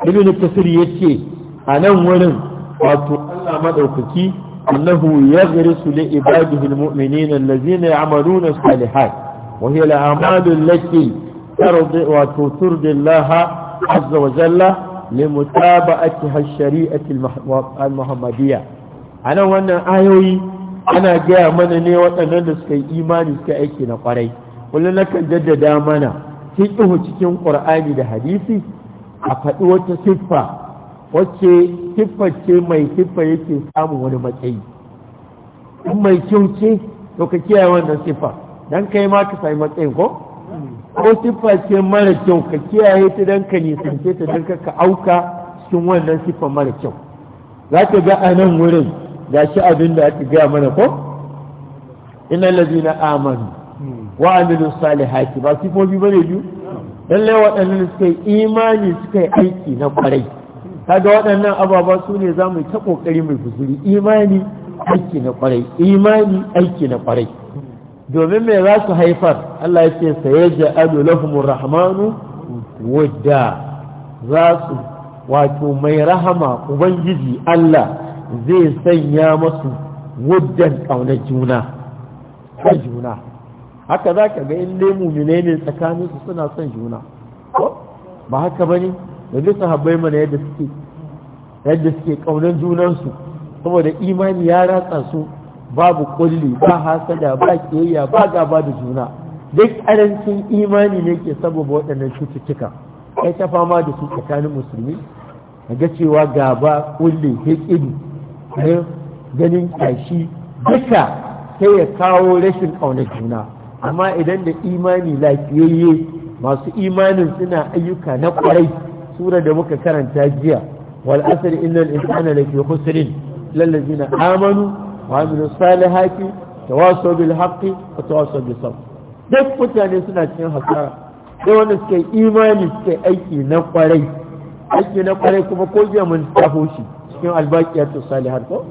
ibn kasir yace a nan wurin wato Allah madaukaki annahu yaghrisu li ibadihi almu'minina allazina ya'maluna Saliha, wa hiya al'amalu allati tardi wa turdi Allah azza wa jalla limutaba'atiha ash-shari'ati al a nan wannan ayoyi ana gaya mana ne waɗannan da suka yi imani suka aiki na kwarai na nakan jaddada mana fiqhu cikin ƙwar'ani da hadisi a faɗi wata siffa wacce siffar ce mai siffa yake samun wani matsayi in mai kyau ce to ka kiyaye wannan siffa dan kai ma ka sami matsayin ko ko siffa ce mara kyau ka kiyaye ta dan ka nisance ta dan ka auka cikin wannan siffa mara kyau za ka ga a nan wurin shi abin da aka gaya mana ko innal na amanu wa amilus salihati ba su ba bane biyu lalle waɗannan suka yi imani suka yi aiki na kwarai kaga waɗannan ababa su ne za mu ta ƙoƙari mai fusuri imani aiki na kwarai imani aiki na kwarai domin me za su haifar Allah ya ce saye adu lahumur rahmanu wadda za su wato mai rahama ubangiji Allah zai sanya masu wuddan ƙaunar juna ta juna haka za ka ga in lemu ne su suna son juna ba haka ba ne da bisa habai mana yadda suke yadda suke ƙaunar junansu saboda imani ya ratsa su babu kulli ba hasada ba kiyayya ba gaba da juna duk ƙarancin imani ne ke saboda waɗannan cututtuka kai ta fama da su tsakanin musulmi ga cewa gaba kulli hikidu ganin kashi duka sai ya kawo rashin ƙaunar juna amma idan da imani lafiyayye masu imanin suna ayyuka na kwarai sura da muka karanta jiya wal asr innal insana lafi khusrin lallazina amanu wa amilu salihati tawasaw bil haqqi wa tawasaw bis duk mutane suna cikin hasara sai wanda suke imani suke aiki na kwarai aiki na kwarai kuma ko jiya mun tafo shi cikin albaqiyatu salihar ko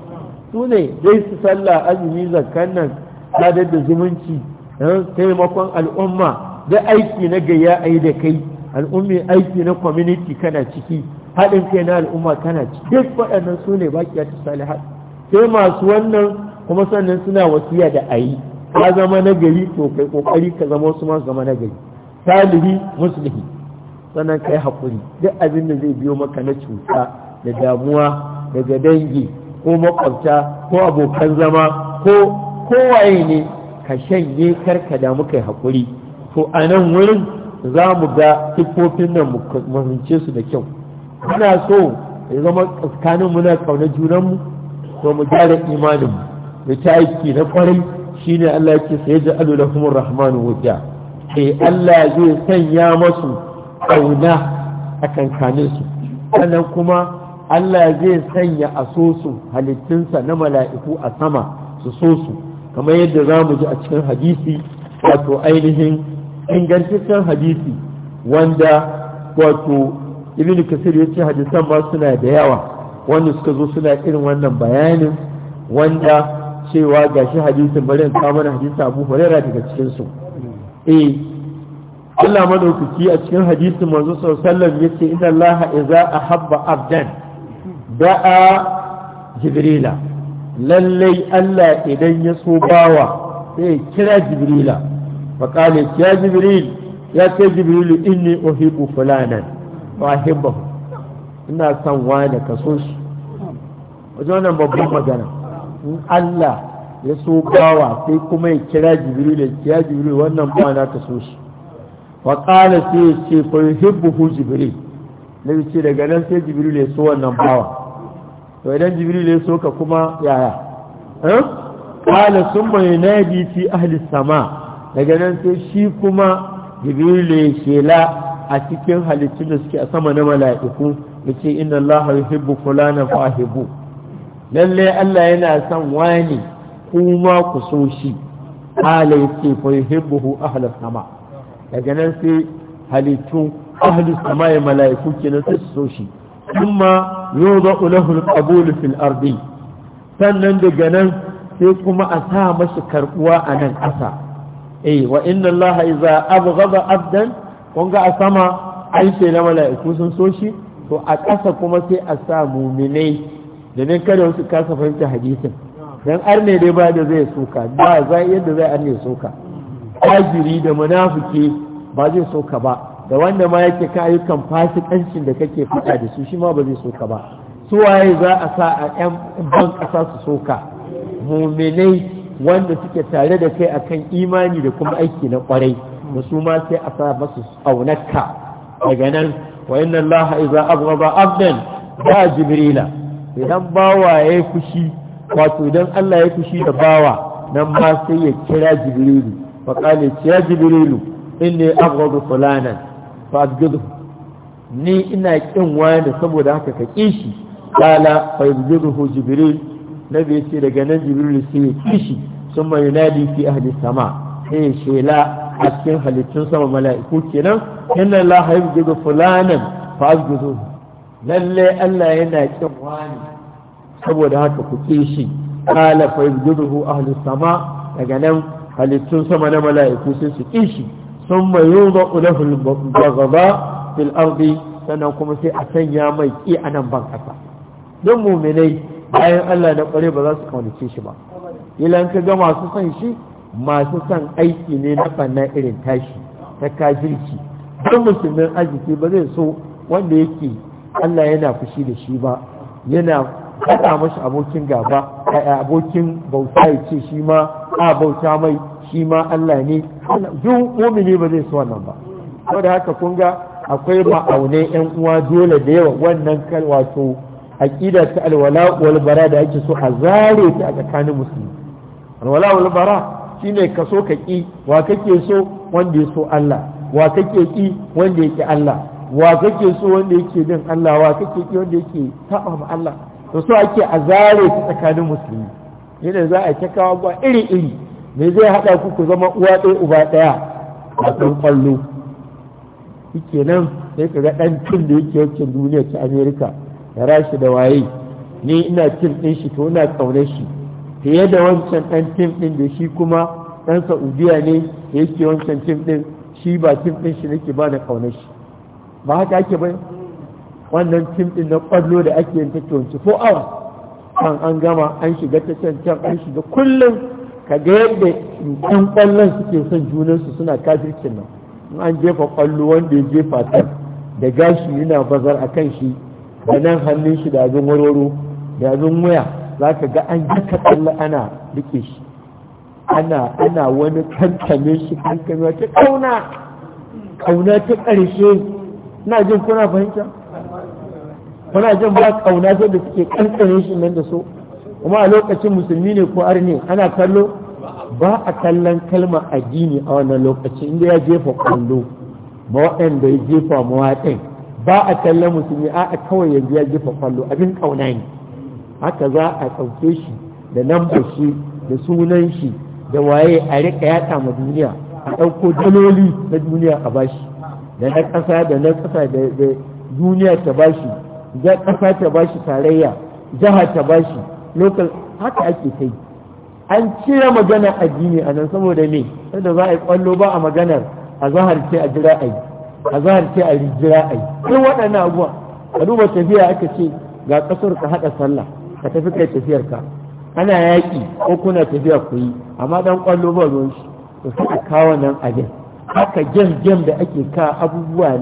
su ne dai su sallah azumi zakkan nan sadar da zumunci eh, taimakon al'umma da aiki na gayya yi da kai al'ummi aiki na community kana ciki haɗin kai na al'umma kana ciki duk waɗannan su ne baƙiyatu salihar sai masu wannan kuma sannan suna wasiya da ayi ka zama nagari to kai kokari ka zama wasu ma zama nagari salihi muslihi sannan kai haƙuri duk abin da zai biyo maka na cuta da damuwa daga dangi ko makwabta ko abokan zama ko kowaye ne ka shanye karka da muka yi haƙuri to a nan wurin za mu ga tufofin nan mu fahimce su da kyau muna so ya zama tsakanin muna kaunar junanmu to mu gyara mu da ta aiki na kwarai shine Allah yake sai da alu kuma rahmanu wajja eh Allah zai sanya masu kauna a kankaninsu sannan kuma Allah zai sanya a halittunsa na mala'iku a sama su so kamar yadda za mu ji a cikin hadisi wato ainihin ingantaccen hadisi wanda wato ibn kasir ya ce hadisan ba suna da yawa wanda suka zo suna irin wannan bayanin wanda cewa gashi hadisin bari in kawo mana hadisi abu hurairah daga cikin su eh Allah madaukaki a cikin hadisin manzo sallallahu alaihi wasallam yace inna Allah idza ahabba abdan da'a jibrila lallai Allah idan ya so bawa sai kira jibrila kale ya jibril ya ce jibril inni uhibbu fulanan wa uhibbu ina son wani ka so shi wajen wannan babban magana in Allah ya so bawa sai kuma ya kira jibril ya jibril wannan ba na ka so shi kale sai ya ce fa uhibbu jibril nabi ce daga nan sai jibril ya so wannan bawa to idan jibril ya soka kuma yaya eh qala summa yunadi fi ahli sama daga nan sai shi kuma jibril ya shela a cikin halittun da suke a sama na mala'iku yace inna allaha yuhibbu fulana fahibu lalle Allah yana son wani kuma ku so shi qala yace fa yuhibbu ahli sama daga nan sai halittu ahli sama mala'iku kenan su so shi ثم يوضع له القبول في sannan daga nan sai kuma a sa mashi karbuwa a nan ƙasa eh wa inna allaha iza abghadha abdan kun ga a sama aise ce na mala'iku sun so shi to a ƙasa kuma sai a sa muminai da nan kada su kasa fahimta hadisin dan arne dai ba da zai soka ba za yadda zai arne soka kafiri da munafiki ba zai soka ba da wanda ma yake ka ayyukan fasikancin da kake faɗa da su shi ma ba zai soka ba su waye za a sa a ƴan ban ƙasa su soka muminai wanda suke tare da kai akan imani da kuma aiki na ƙwarai da su ma sai a sa masu aunaka daga nan wa inna allaha idza abghada abdan ba jibrila idan bawa ya fushi wato idan Allah ya fushi da bawa nan ma sai ya kira jibrilu fa qala ya jibrilu inni abghadu fulanan fasgidu ni ina kin wani saboda haka ka ƙi shi kala fasgidu jibril na bai ce daga nan jibril sai ya ƙi shi sun mai yunadi fi ahli sama sai ya shela a cikin halittun sama mala'iku kenan inna la haibu fulanan fasgidu lalle Allah yana kin saboda haka ku ƙi shi kala fasgidu ahli sama daga nan halittun sama na mala'iku sai su ƙi shi thumma yudau lahu al-baghadha fil ardi sannan kuma sai a sanya mai ƙi a nan ban kasa muminai bayan Allah na ƙware ba za su kaunace shi ba ilan ka ga masu son shi masu son aiki ne na banna irin tashi ta kajirci don musulmin arziki ba zai so wanda yake Allah yana fushi da shi ba yana faɗa mashi abokin gaba abokin bauta ya ce shi ma a bauta mai shi ma Allah ne duk mumini ba zai so wannan ba da haka kun ga akwai ma'aunai yan uwa dole da yawa wannan kal wato aqida ta alwala wal bara da ake so a zare ta a tsakanin musulmi alwala wal bara shine ka so ka ki wa kake so wanda ya so Allah wa kake ki wanda yake Allah wa kake so wanda yake din Allah wa kake ki wanda yake saba ma Allah to so ake a zare ta tsakanin musulmi yana za a ta kawo ba iri iri me zai haɗa ku ku zama uwa ɗaya uba ɗaya a ɗan ƙwallo yake nan sai ka ga ɗan cin da yake yakin duniya ta amerika da rashi da waye ni ina cin ɗin shi to ina ƙaunar shi fiye da wancan ɗan tim ɗin da shi kuma ɗan saudiya ne da yake wancan tim ɗin shi ba tim ɗin shi nake ba na ƙaunar shi ba haka ake bai wannan tim ɗin na ƙwallo da ake yin ta ko awa an an gama an shiga ta can can an shiga kullum ka ga yadda ɗan ƙwallon suke son junansu suna kafircin nan in an jefa ƙwallo wanda ya jefa ta da gashi yana bazar a kan shi da nan hannun shi da abin waroro da abin waya za ka ga an jaka tsalle ana rike shi ana ana wani kankame shi kankame ta ƙauna kauna ta ƙarshe na jin kuna fahimta kuna jin ba ƙauna sai da suke kankame shi nan da so kuma a lokacin musulmi ne ko arne ana kallo ba a kallon kalmar addini a wannan lokacin inda ya jefa kwallo ba waɗanda ya jefa mawaɗin ba a kallon musulmi a kawai yanzu ya jefa kwallo abin ƙauna ne haka za a ɗauke shi da lambar shi da sunan shi da waye a riƙa ya ma duniya a ɗauko daloli na duniya a bashi da na ƙasa da na ƙasa da duniya ta bashi ƙasa ta bashi tarayya jiha ta bashi lokal haka ake kai an cire magana addini a nan saboda me yadda za a yi kwallo ba a maganar a zahar ce a jira a yi a zahar ce a jira a yi waɗannan abubuwa a duba tafiya aka ce ga kasar ka haɗa sallah ka tafi kai tafiyar ka ana yaƙi ko kuna tafiya ku yi amma dan kwallo ba ruwan shi to suka kawo nan abin haka gem gem da ake ka abubuwa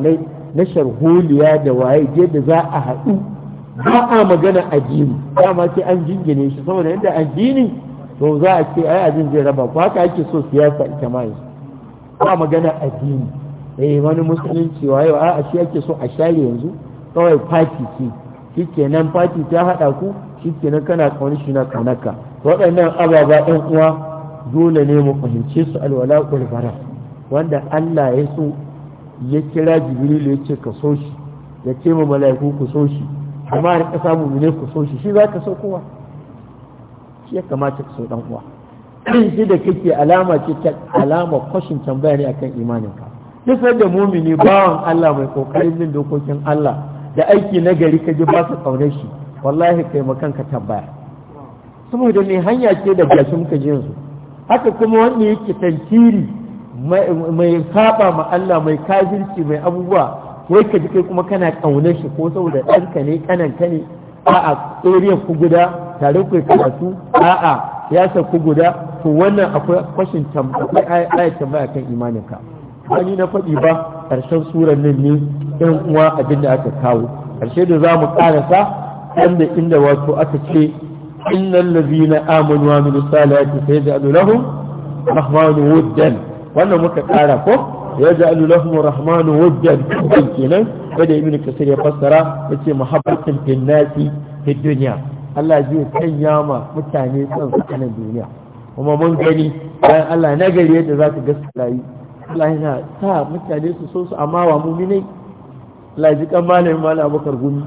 na sharholiya da waye da za a haɗu ba a magana addini dama ce an jingine shi saboda yadda addini to za a ce ai abin zai raba ko haka ake so siyasa ita ma yanzu ba magana addini eh wani musulunci waye a a shi ake so a share yanzu kawai party ce shikenan party ta hada ku shikenan kana kauni shi na kanaka waɗannan ababa ɗan uwa dole ne mu fahimce su alwala bara wanda Allah ya so ya kira Jibril ya ce ka so shi ya ce ma mala'iku ku so shi amma a rika samu ne ku so shi shi za ka so kowa shi ya kamata ka so dan uwa irin shi da kake alama ce ta alama kwashin tambaya ne akan imanin ka duk da mumini bawan Allah mai kokarin bin dokokin Allah da aiki na gari ka ji ba su kaunar shi wallahi kai makanka tambaya saboda ne hanya ce da gashin ka jin su haka kuma wanda yake tantiri mai saba ma Allah mai kafirci mai abubuwa wai ka ji kai kuma kana kaunar shi ko saboda ɗanka ne ka ne a'a tsoriyar ku guda tare ku karatu a'a ya ku guda to wannan akwai kwashin akwai ayat tambaya kan imaninka ba ni na faɗi ba ƙarshen surar nan ne ɗan uwa abin da aka kawo ƙarshe da za mu ƙarasa wanda inda wato aka ce innal ladina amanu wa min salati sayaj'alu lahum rahmanu wuddan wannan muka ƙara ko yaj'alu lahum rahmanu wajjan kenan kada ibnu kasir ya fassara Ya yace mahabbatin fil fi fid dunya Allah zai sanya ma mutane son tsakanin duniya kuma mun gani bayan Allah na gari yadda za ka gasa layi. Allah yana sa mutane su so su amma wa muminai Allah ji kan malamin malam abokar Gumi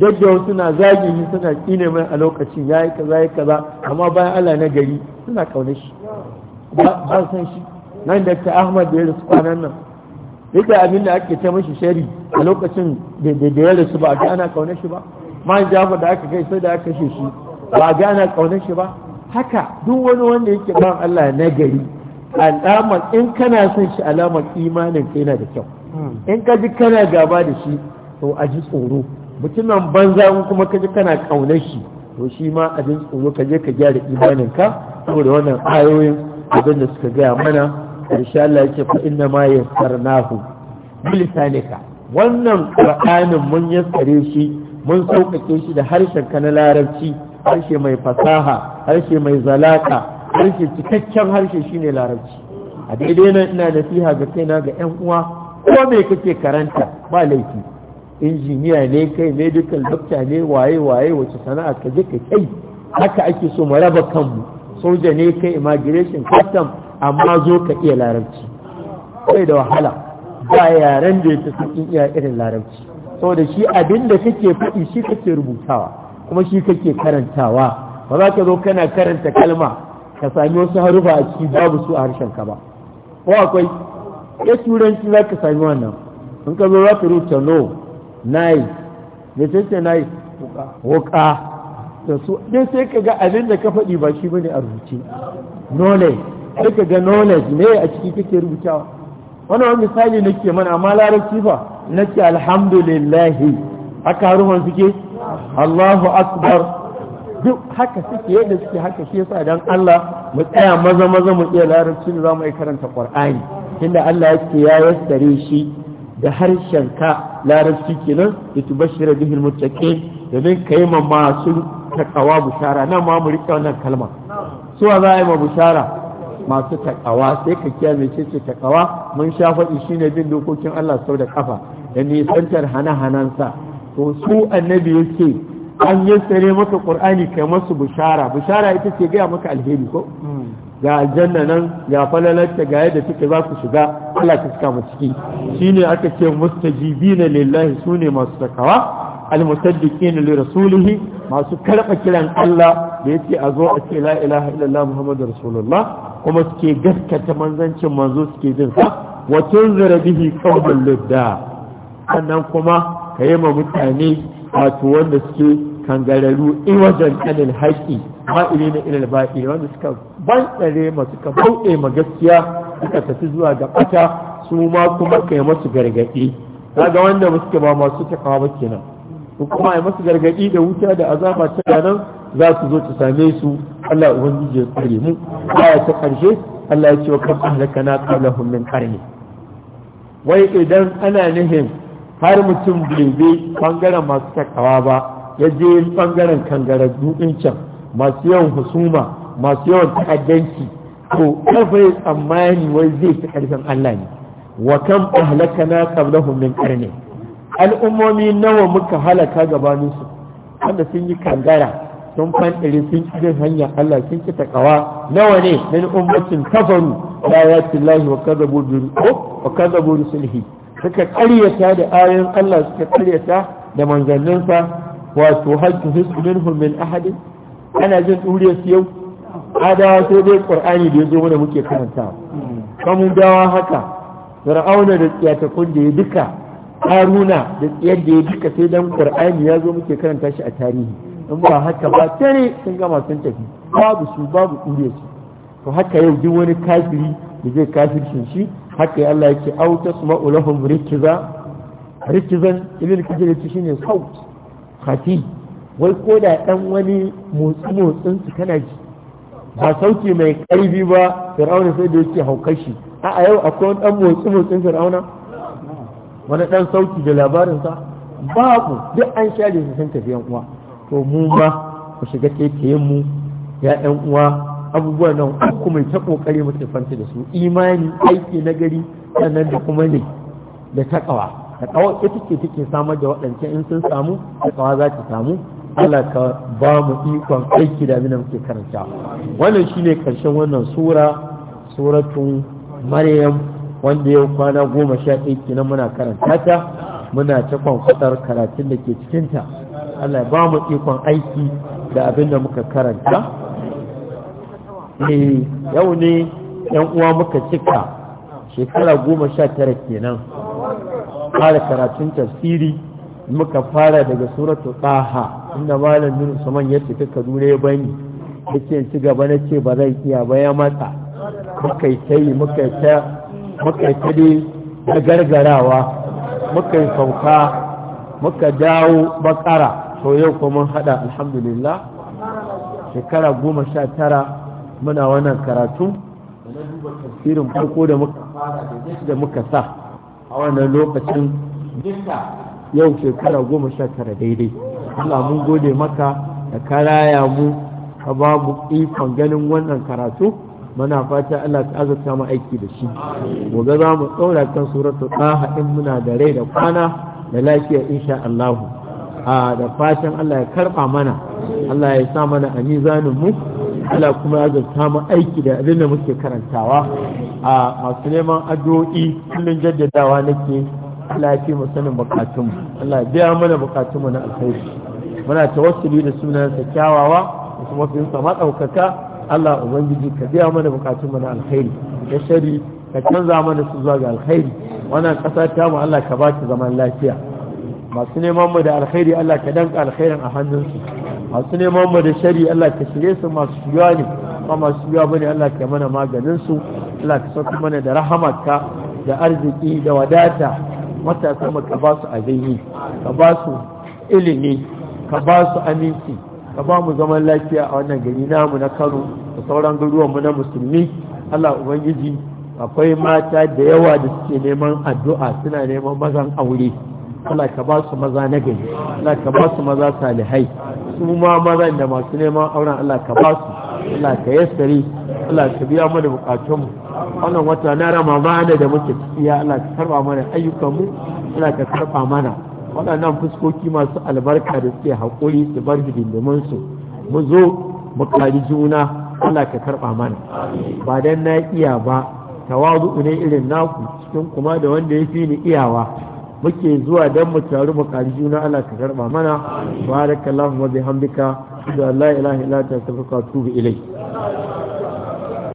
duk da wasu na zagi ni suna kine mai a lokacin yayi kaza yayi kaza amma bayan Allah na gari suna kaunar shi ba san shi nan da ta ahmad da ya rasu kwanan nan duk abin da ake ta mashi shari a lokacin da ya rasu ba a ga ana kaunar shi ba man jafa da aka kai sai da aka kashe shi ba a ga ana kaunar shi ba haka duk wani wanda yake ban Allah na gari alamar in kana son shi alamar imanin ka yana da kyau in ka ji kana gaba da shi to a ji tsoro mutumin banza in kuma ka ji kana kaunar shi to shi ma a ji tsoro ka je ka gyara imanin ka saboda wannan ayoyin abin da suka gaya mana insha Allah yake fa inna ma yassarnahu bilisanika wannan qur'anin mun yassare shi mun sauƙaƙe shi da harshen ka na larabci harshe mai fasaha harshe mai zalaka harshe cikakken harshe shine larabci a daidai nan ina nasiha ga kaina ga yan uwa ko me kake karanta ba laifi injiniya ne kai medical doctor ne waye waye wace sana'a ka je ka kai haka ake so mu raba kanmu soja ne kai immigration custom amma zo ka iya larabci kai da wahala ba yaren da ya tafi iya irin larabci saboda shi abin da kake faɗi shi kake rubutawa kuma shi kake karantawa ba za ka zo kana karanta kalma ka sami wasu harufa a ciki babu su a harshen ka ba ko akwai ya turanci za ka sami wannan in ka zo za ka rubuta no nai me sai nai wuka da su dai sai ka ga abin da ka faɗi ba shi ba ne a rubuce knowledge sai ka ga knowledge ne a ciki kake rubutawa wani wani misali na ke mana amma larabci ba nake alhamdulillahi haka ruwan suke Allahu akbar duk haka suke yadda suke haka shi yasa dan Allah mu tsaya maza maza mu iya larabci za mu yi karanta Qur'ani inda Allah yake ya yastare shi da harshen ka larabci kenan ya tubashira bihil muttaqin domin kai ma masu taƙawa bushara nan ma mu riƙe wannan kalma suwa za a yi ma bushara masu taƙawa sai ka kiyaye mai ce taƙawa mun sha faɗi shi ne bin dokokin Allah sau da ƙafa da nisantar hana-hanansa to su annabi yake an yassare maka qur'ani kai masu bushara bushara ita ce gaya maka alheri ko ga aljanna nan ga falalarta ga yadda take za ku shiga Allah ta saka mu ciki shine aka ce mustajibina lillahi sune masu takawa al-musaddiqin li rasulih masu karba kiran Allah da yace a zo a ce la'ilaha ilaha illallah muhammadur rasulullah kuma suke gaskata manzancin manzo suke jin sa wa tunzira bihi qawlan ludda sannan kuma kayi ma mutane wato wanda suke kangararu in wajen kanin haƙi ma'ili na ilal wanda suka bantsare ma suka ma gaskiya suka tafi zuwa ga ɓata su ma kuma kai masu gargaɗi kaga wanda ba suke ba masu takawa ba kenan kuma ya masu gargadi da wuta da azaba ta nan za su zo ta same su Allah ubangiji ya kare mu aya ta ƙarshe, Allah ya ce wa kan na qablahum min qarni wai idan ana nihin har mutum bai bangaren masu takawa ba ya je bangaren kangarar dutsen can masu yawan husuma masu yawan ta'addanci ko kafai tsammani wai zai fi karfin Allah ne wa kan ahlakana qablahum min qarni al'ummomi nawa muka halaka gabaninsu wanda sun yi kangara sun fanɗare sun ƙi hanya Allah sun ƙi takawa nawa ne min ummatin kafaru la yati lahi wa kadzabu bi wa rusulihi suka ƙaryata da ayoyin Allah suka ƙaryata da manzanninsa wato hakku hisu minhum min ahadin ana jin ɗure su yau adawa sai dai qur'ani da yazo mana muke karantawa. kamun dawa haka fir'auna da tsiyatakun da ya duka haruna da yadda ya duka sai dan qur'ani ya zo muke karanta shi a tarihi in ba haka ba tare sun gama sun tafi babu su babu ɗure su to haka yau duk wani kafiri da zai kafir shi haka Allah yake au tasma'u lahum rikiza rikizan ibn kathir shi shine saut khati wai ko da dan wani motsi motsin su kana ji ba sauti mai karbi ba fir'auna sai da yake haukashi shi. a yau akwai dan motsi motsin fir'auna wani ɗan sauki da labarinsa babu duk an sha da sun tafi uwa to mu ma ku shiga tetayen mu ya yan uwa abubuwan nan uku mai ta kokari mu tafanta da su imani aiki na gari sannan da kuma ne da takawa takawa ita ce take samar da waɗancan in sun samu kawa za ta samu Allah ka ba mu ikon aiki da abin muke karanta wannan shine karshen wannan sura suratun maryam wanda yau kwana goma sha ɗaya kenan muna karanta ta muna ta kwankwatar karatun da ke cikinta Allah ya ba mu ikon aiki da abin da muka karanta eh yau ne yan uwa muka cika shekara goma sha tara kenan fara karatun tafsiri muka fara daga suratu taha inda malam nuna usman ya cika kaduna ya bani yace ci gaba na ce ba zai iya ba ya matsa muka yi ta yi muka yi ta muka kiri da gargarawa muka yi sauka muka dawo bakara so yau kuma hada alhamdulillah shekara goma sha tara muna wannan karatu tafsirin farko da muka fara da muka sa a wannan lokacin duka yau shekara goma sha tara daidai Allah mun gode maka da karaya mu ka babu ikon ganin wannan karatu muna fata Allah ta azurta mu aiki da shi gobe za mu ɗaura kan suratu tsaha in muna da rai da kwana da lafiya insha Allahu a da fatan Allah ya karɓa mana Allah ya sa mana a mizanin mu Allah kuma ya azurta mu aiki da abin da muke karantawa a masu neman addu'o'i kullun jaddadawa nake Allah ya fi mu sanin mu Allah ya biya mana mu na alkhairi muna tawassuli da sunansa kyawawa da sun sa maɗaukaka Allah ubangiji ka biya mana bukatun mana alkhairi da shari ka canza mana su zuwa ga alkhairi wannan ƙasa ta mu Allah ka baki zaman lafiya masu neman mu da alkhairi Allah ka danka alkhairin a hannunsu masu neman mu da shari Allah ka shirye su masu shiga ne ba masu shiga bane Allah ka mana maganin su Allah ka sauka mana da rahamarka da arziki da wadata matasa mu ka ba su abin ka ba su ilimi ka ba su aminci ka ba mu zaman lafiya a wannan gari namu na kano da sauran mu na musulmi allah ubangiji akwai mata da yawa da suke neman addu'a suna neman mazan aure Allah ka ba su maza na gari Allah ka ba su maza salihai su ma mazan da masu neman auren Allah ka ba su Allah ka yassari Allah ka biya mana bukatunmu wannan wata na ramadana da muke ciki ya Allah ka karba mana ayyukanmu Allah ka karba mana waɗannan fuskoki masu albarka da suke haƙuri su bar hidindimin su mu zo mu ƙari juna Allah ka karɓa mana ba dan na iya ba tawazu ne irin naku cikin kuma da wanda ya fi ni iyawa muke zuwa dan mu taru mu ƙari juna Allah ka karɓa mana barakallahu wa bihamdika da la ilaha illa anta astaghfiruka wa atubu ilayk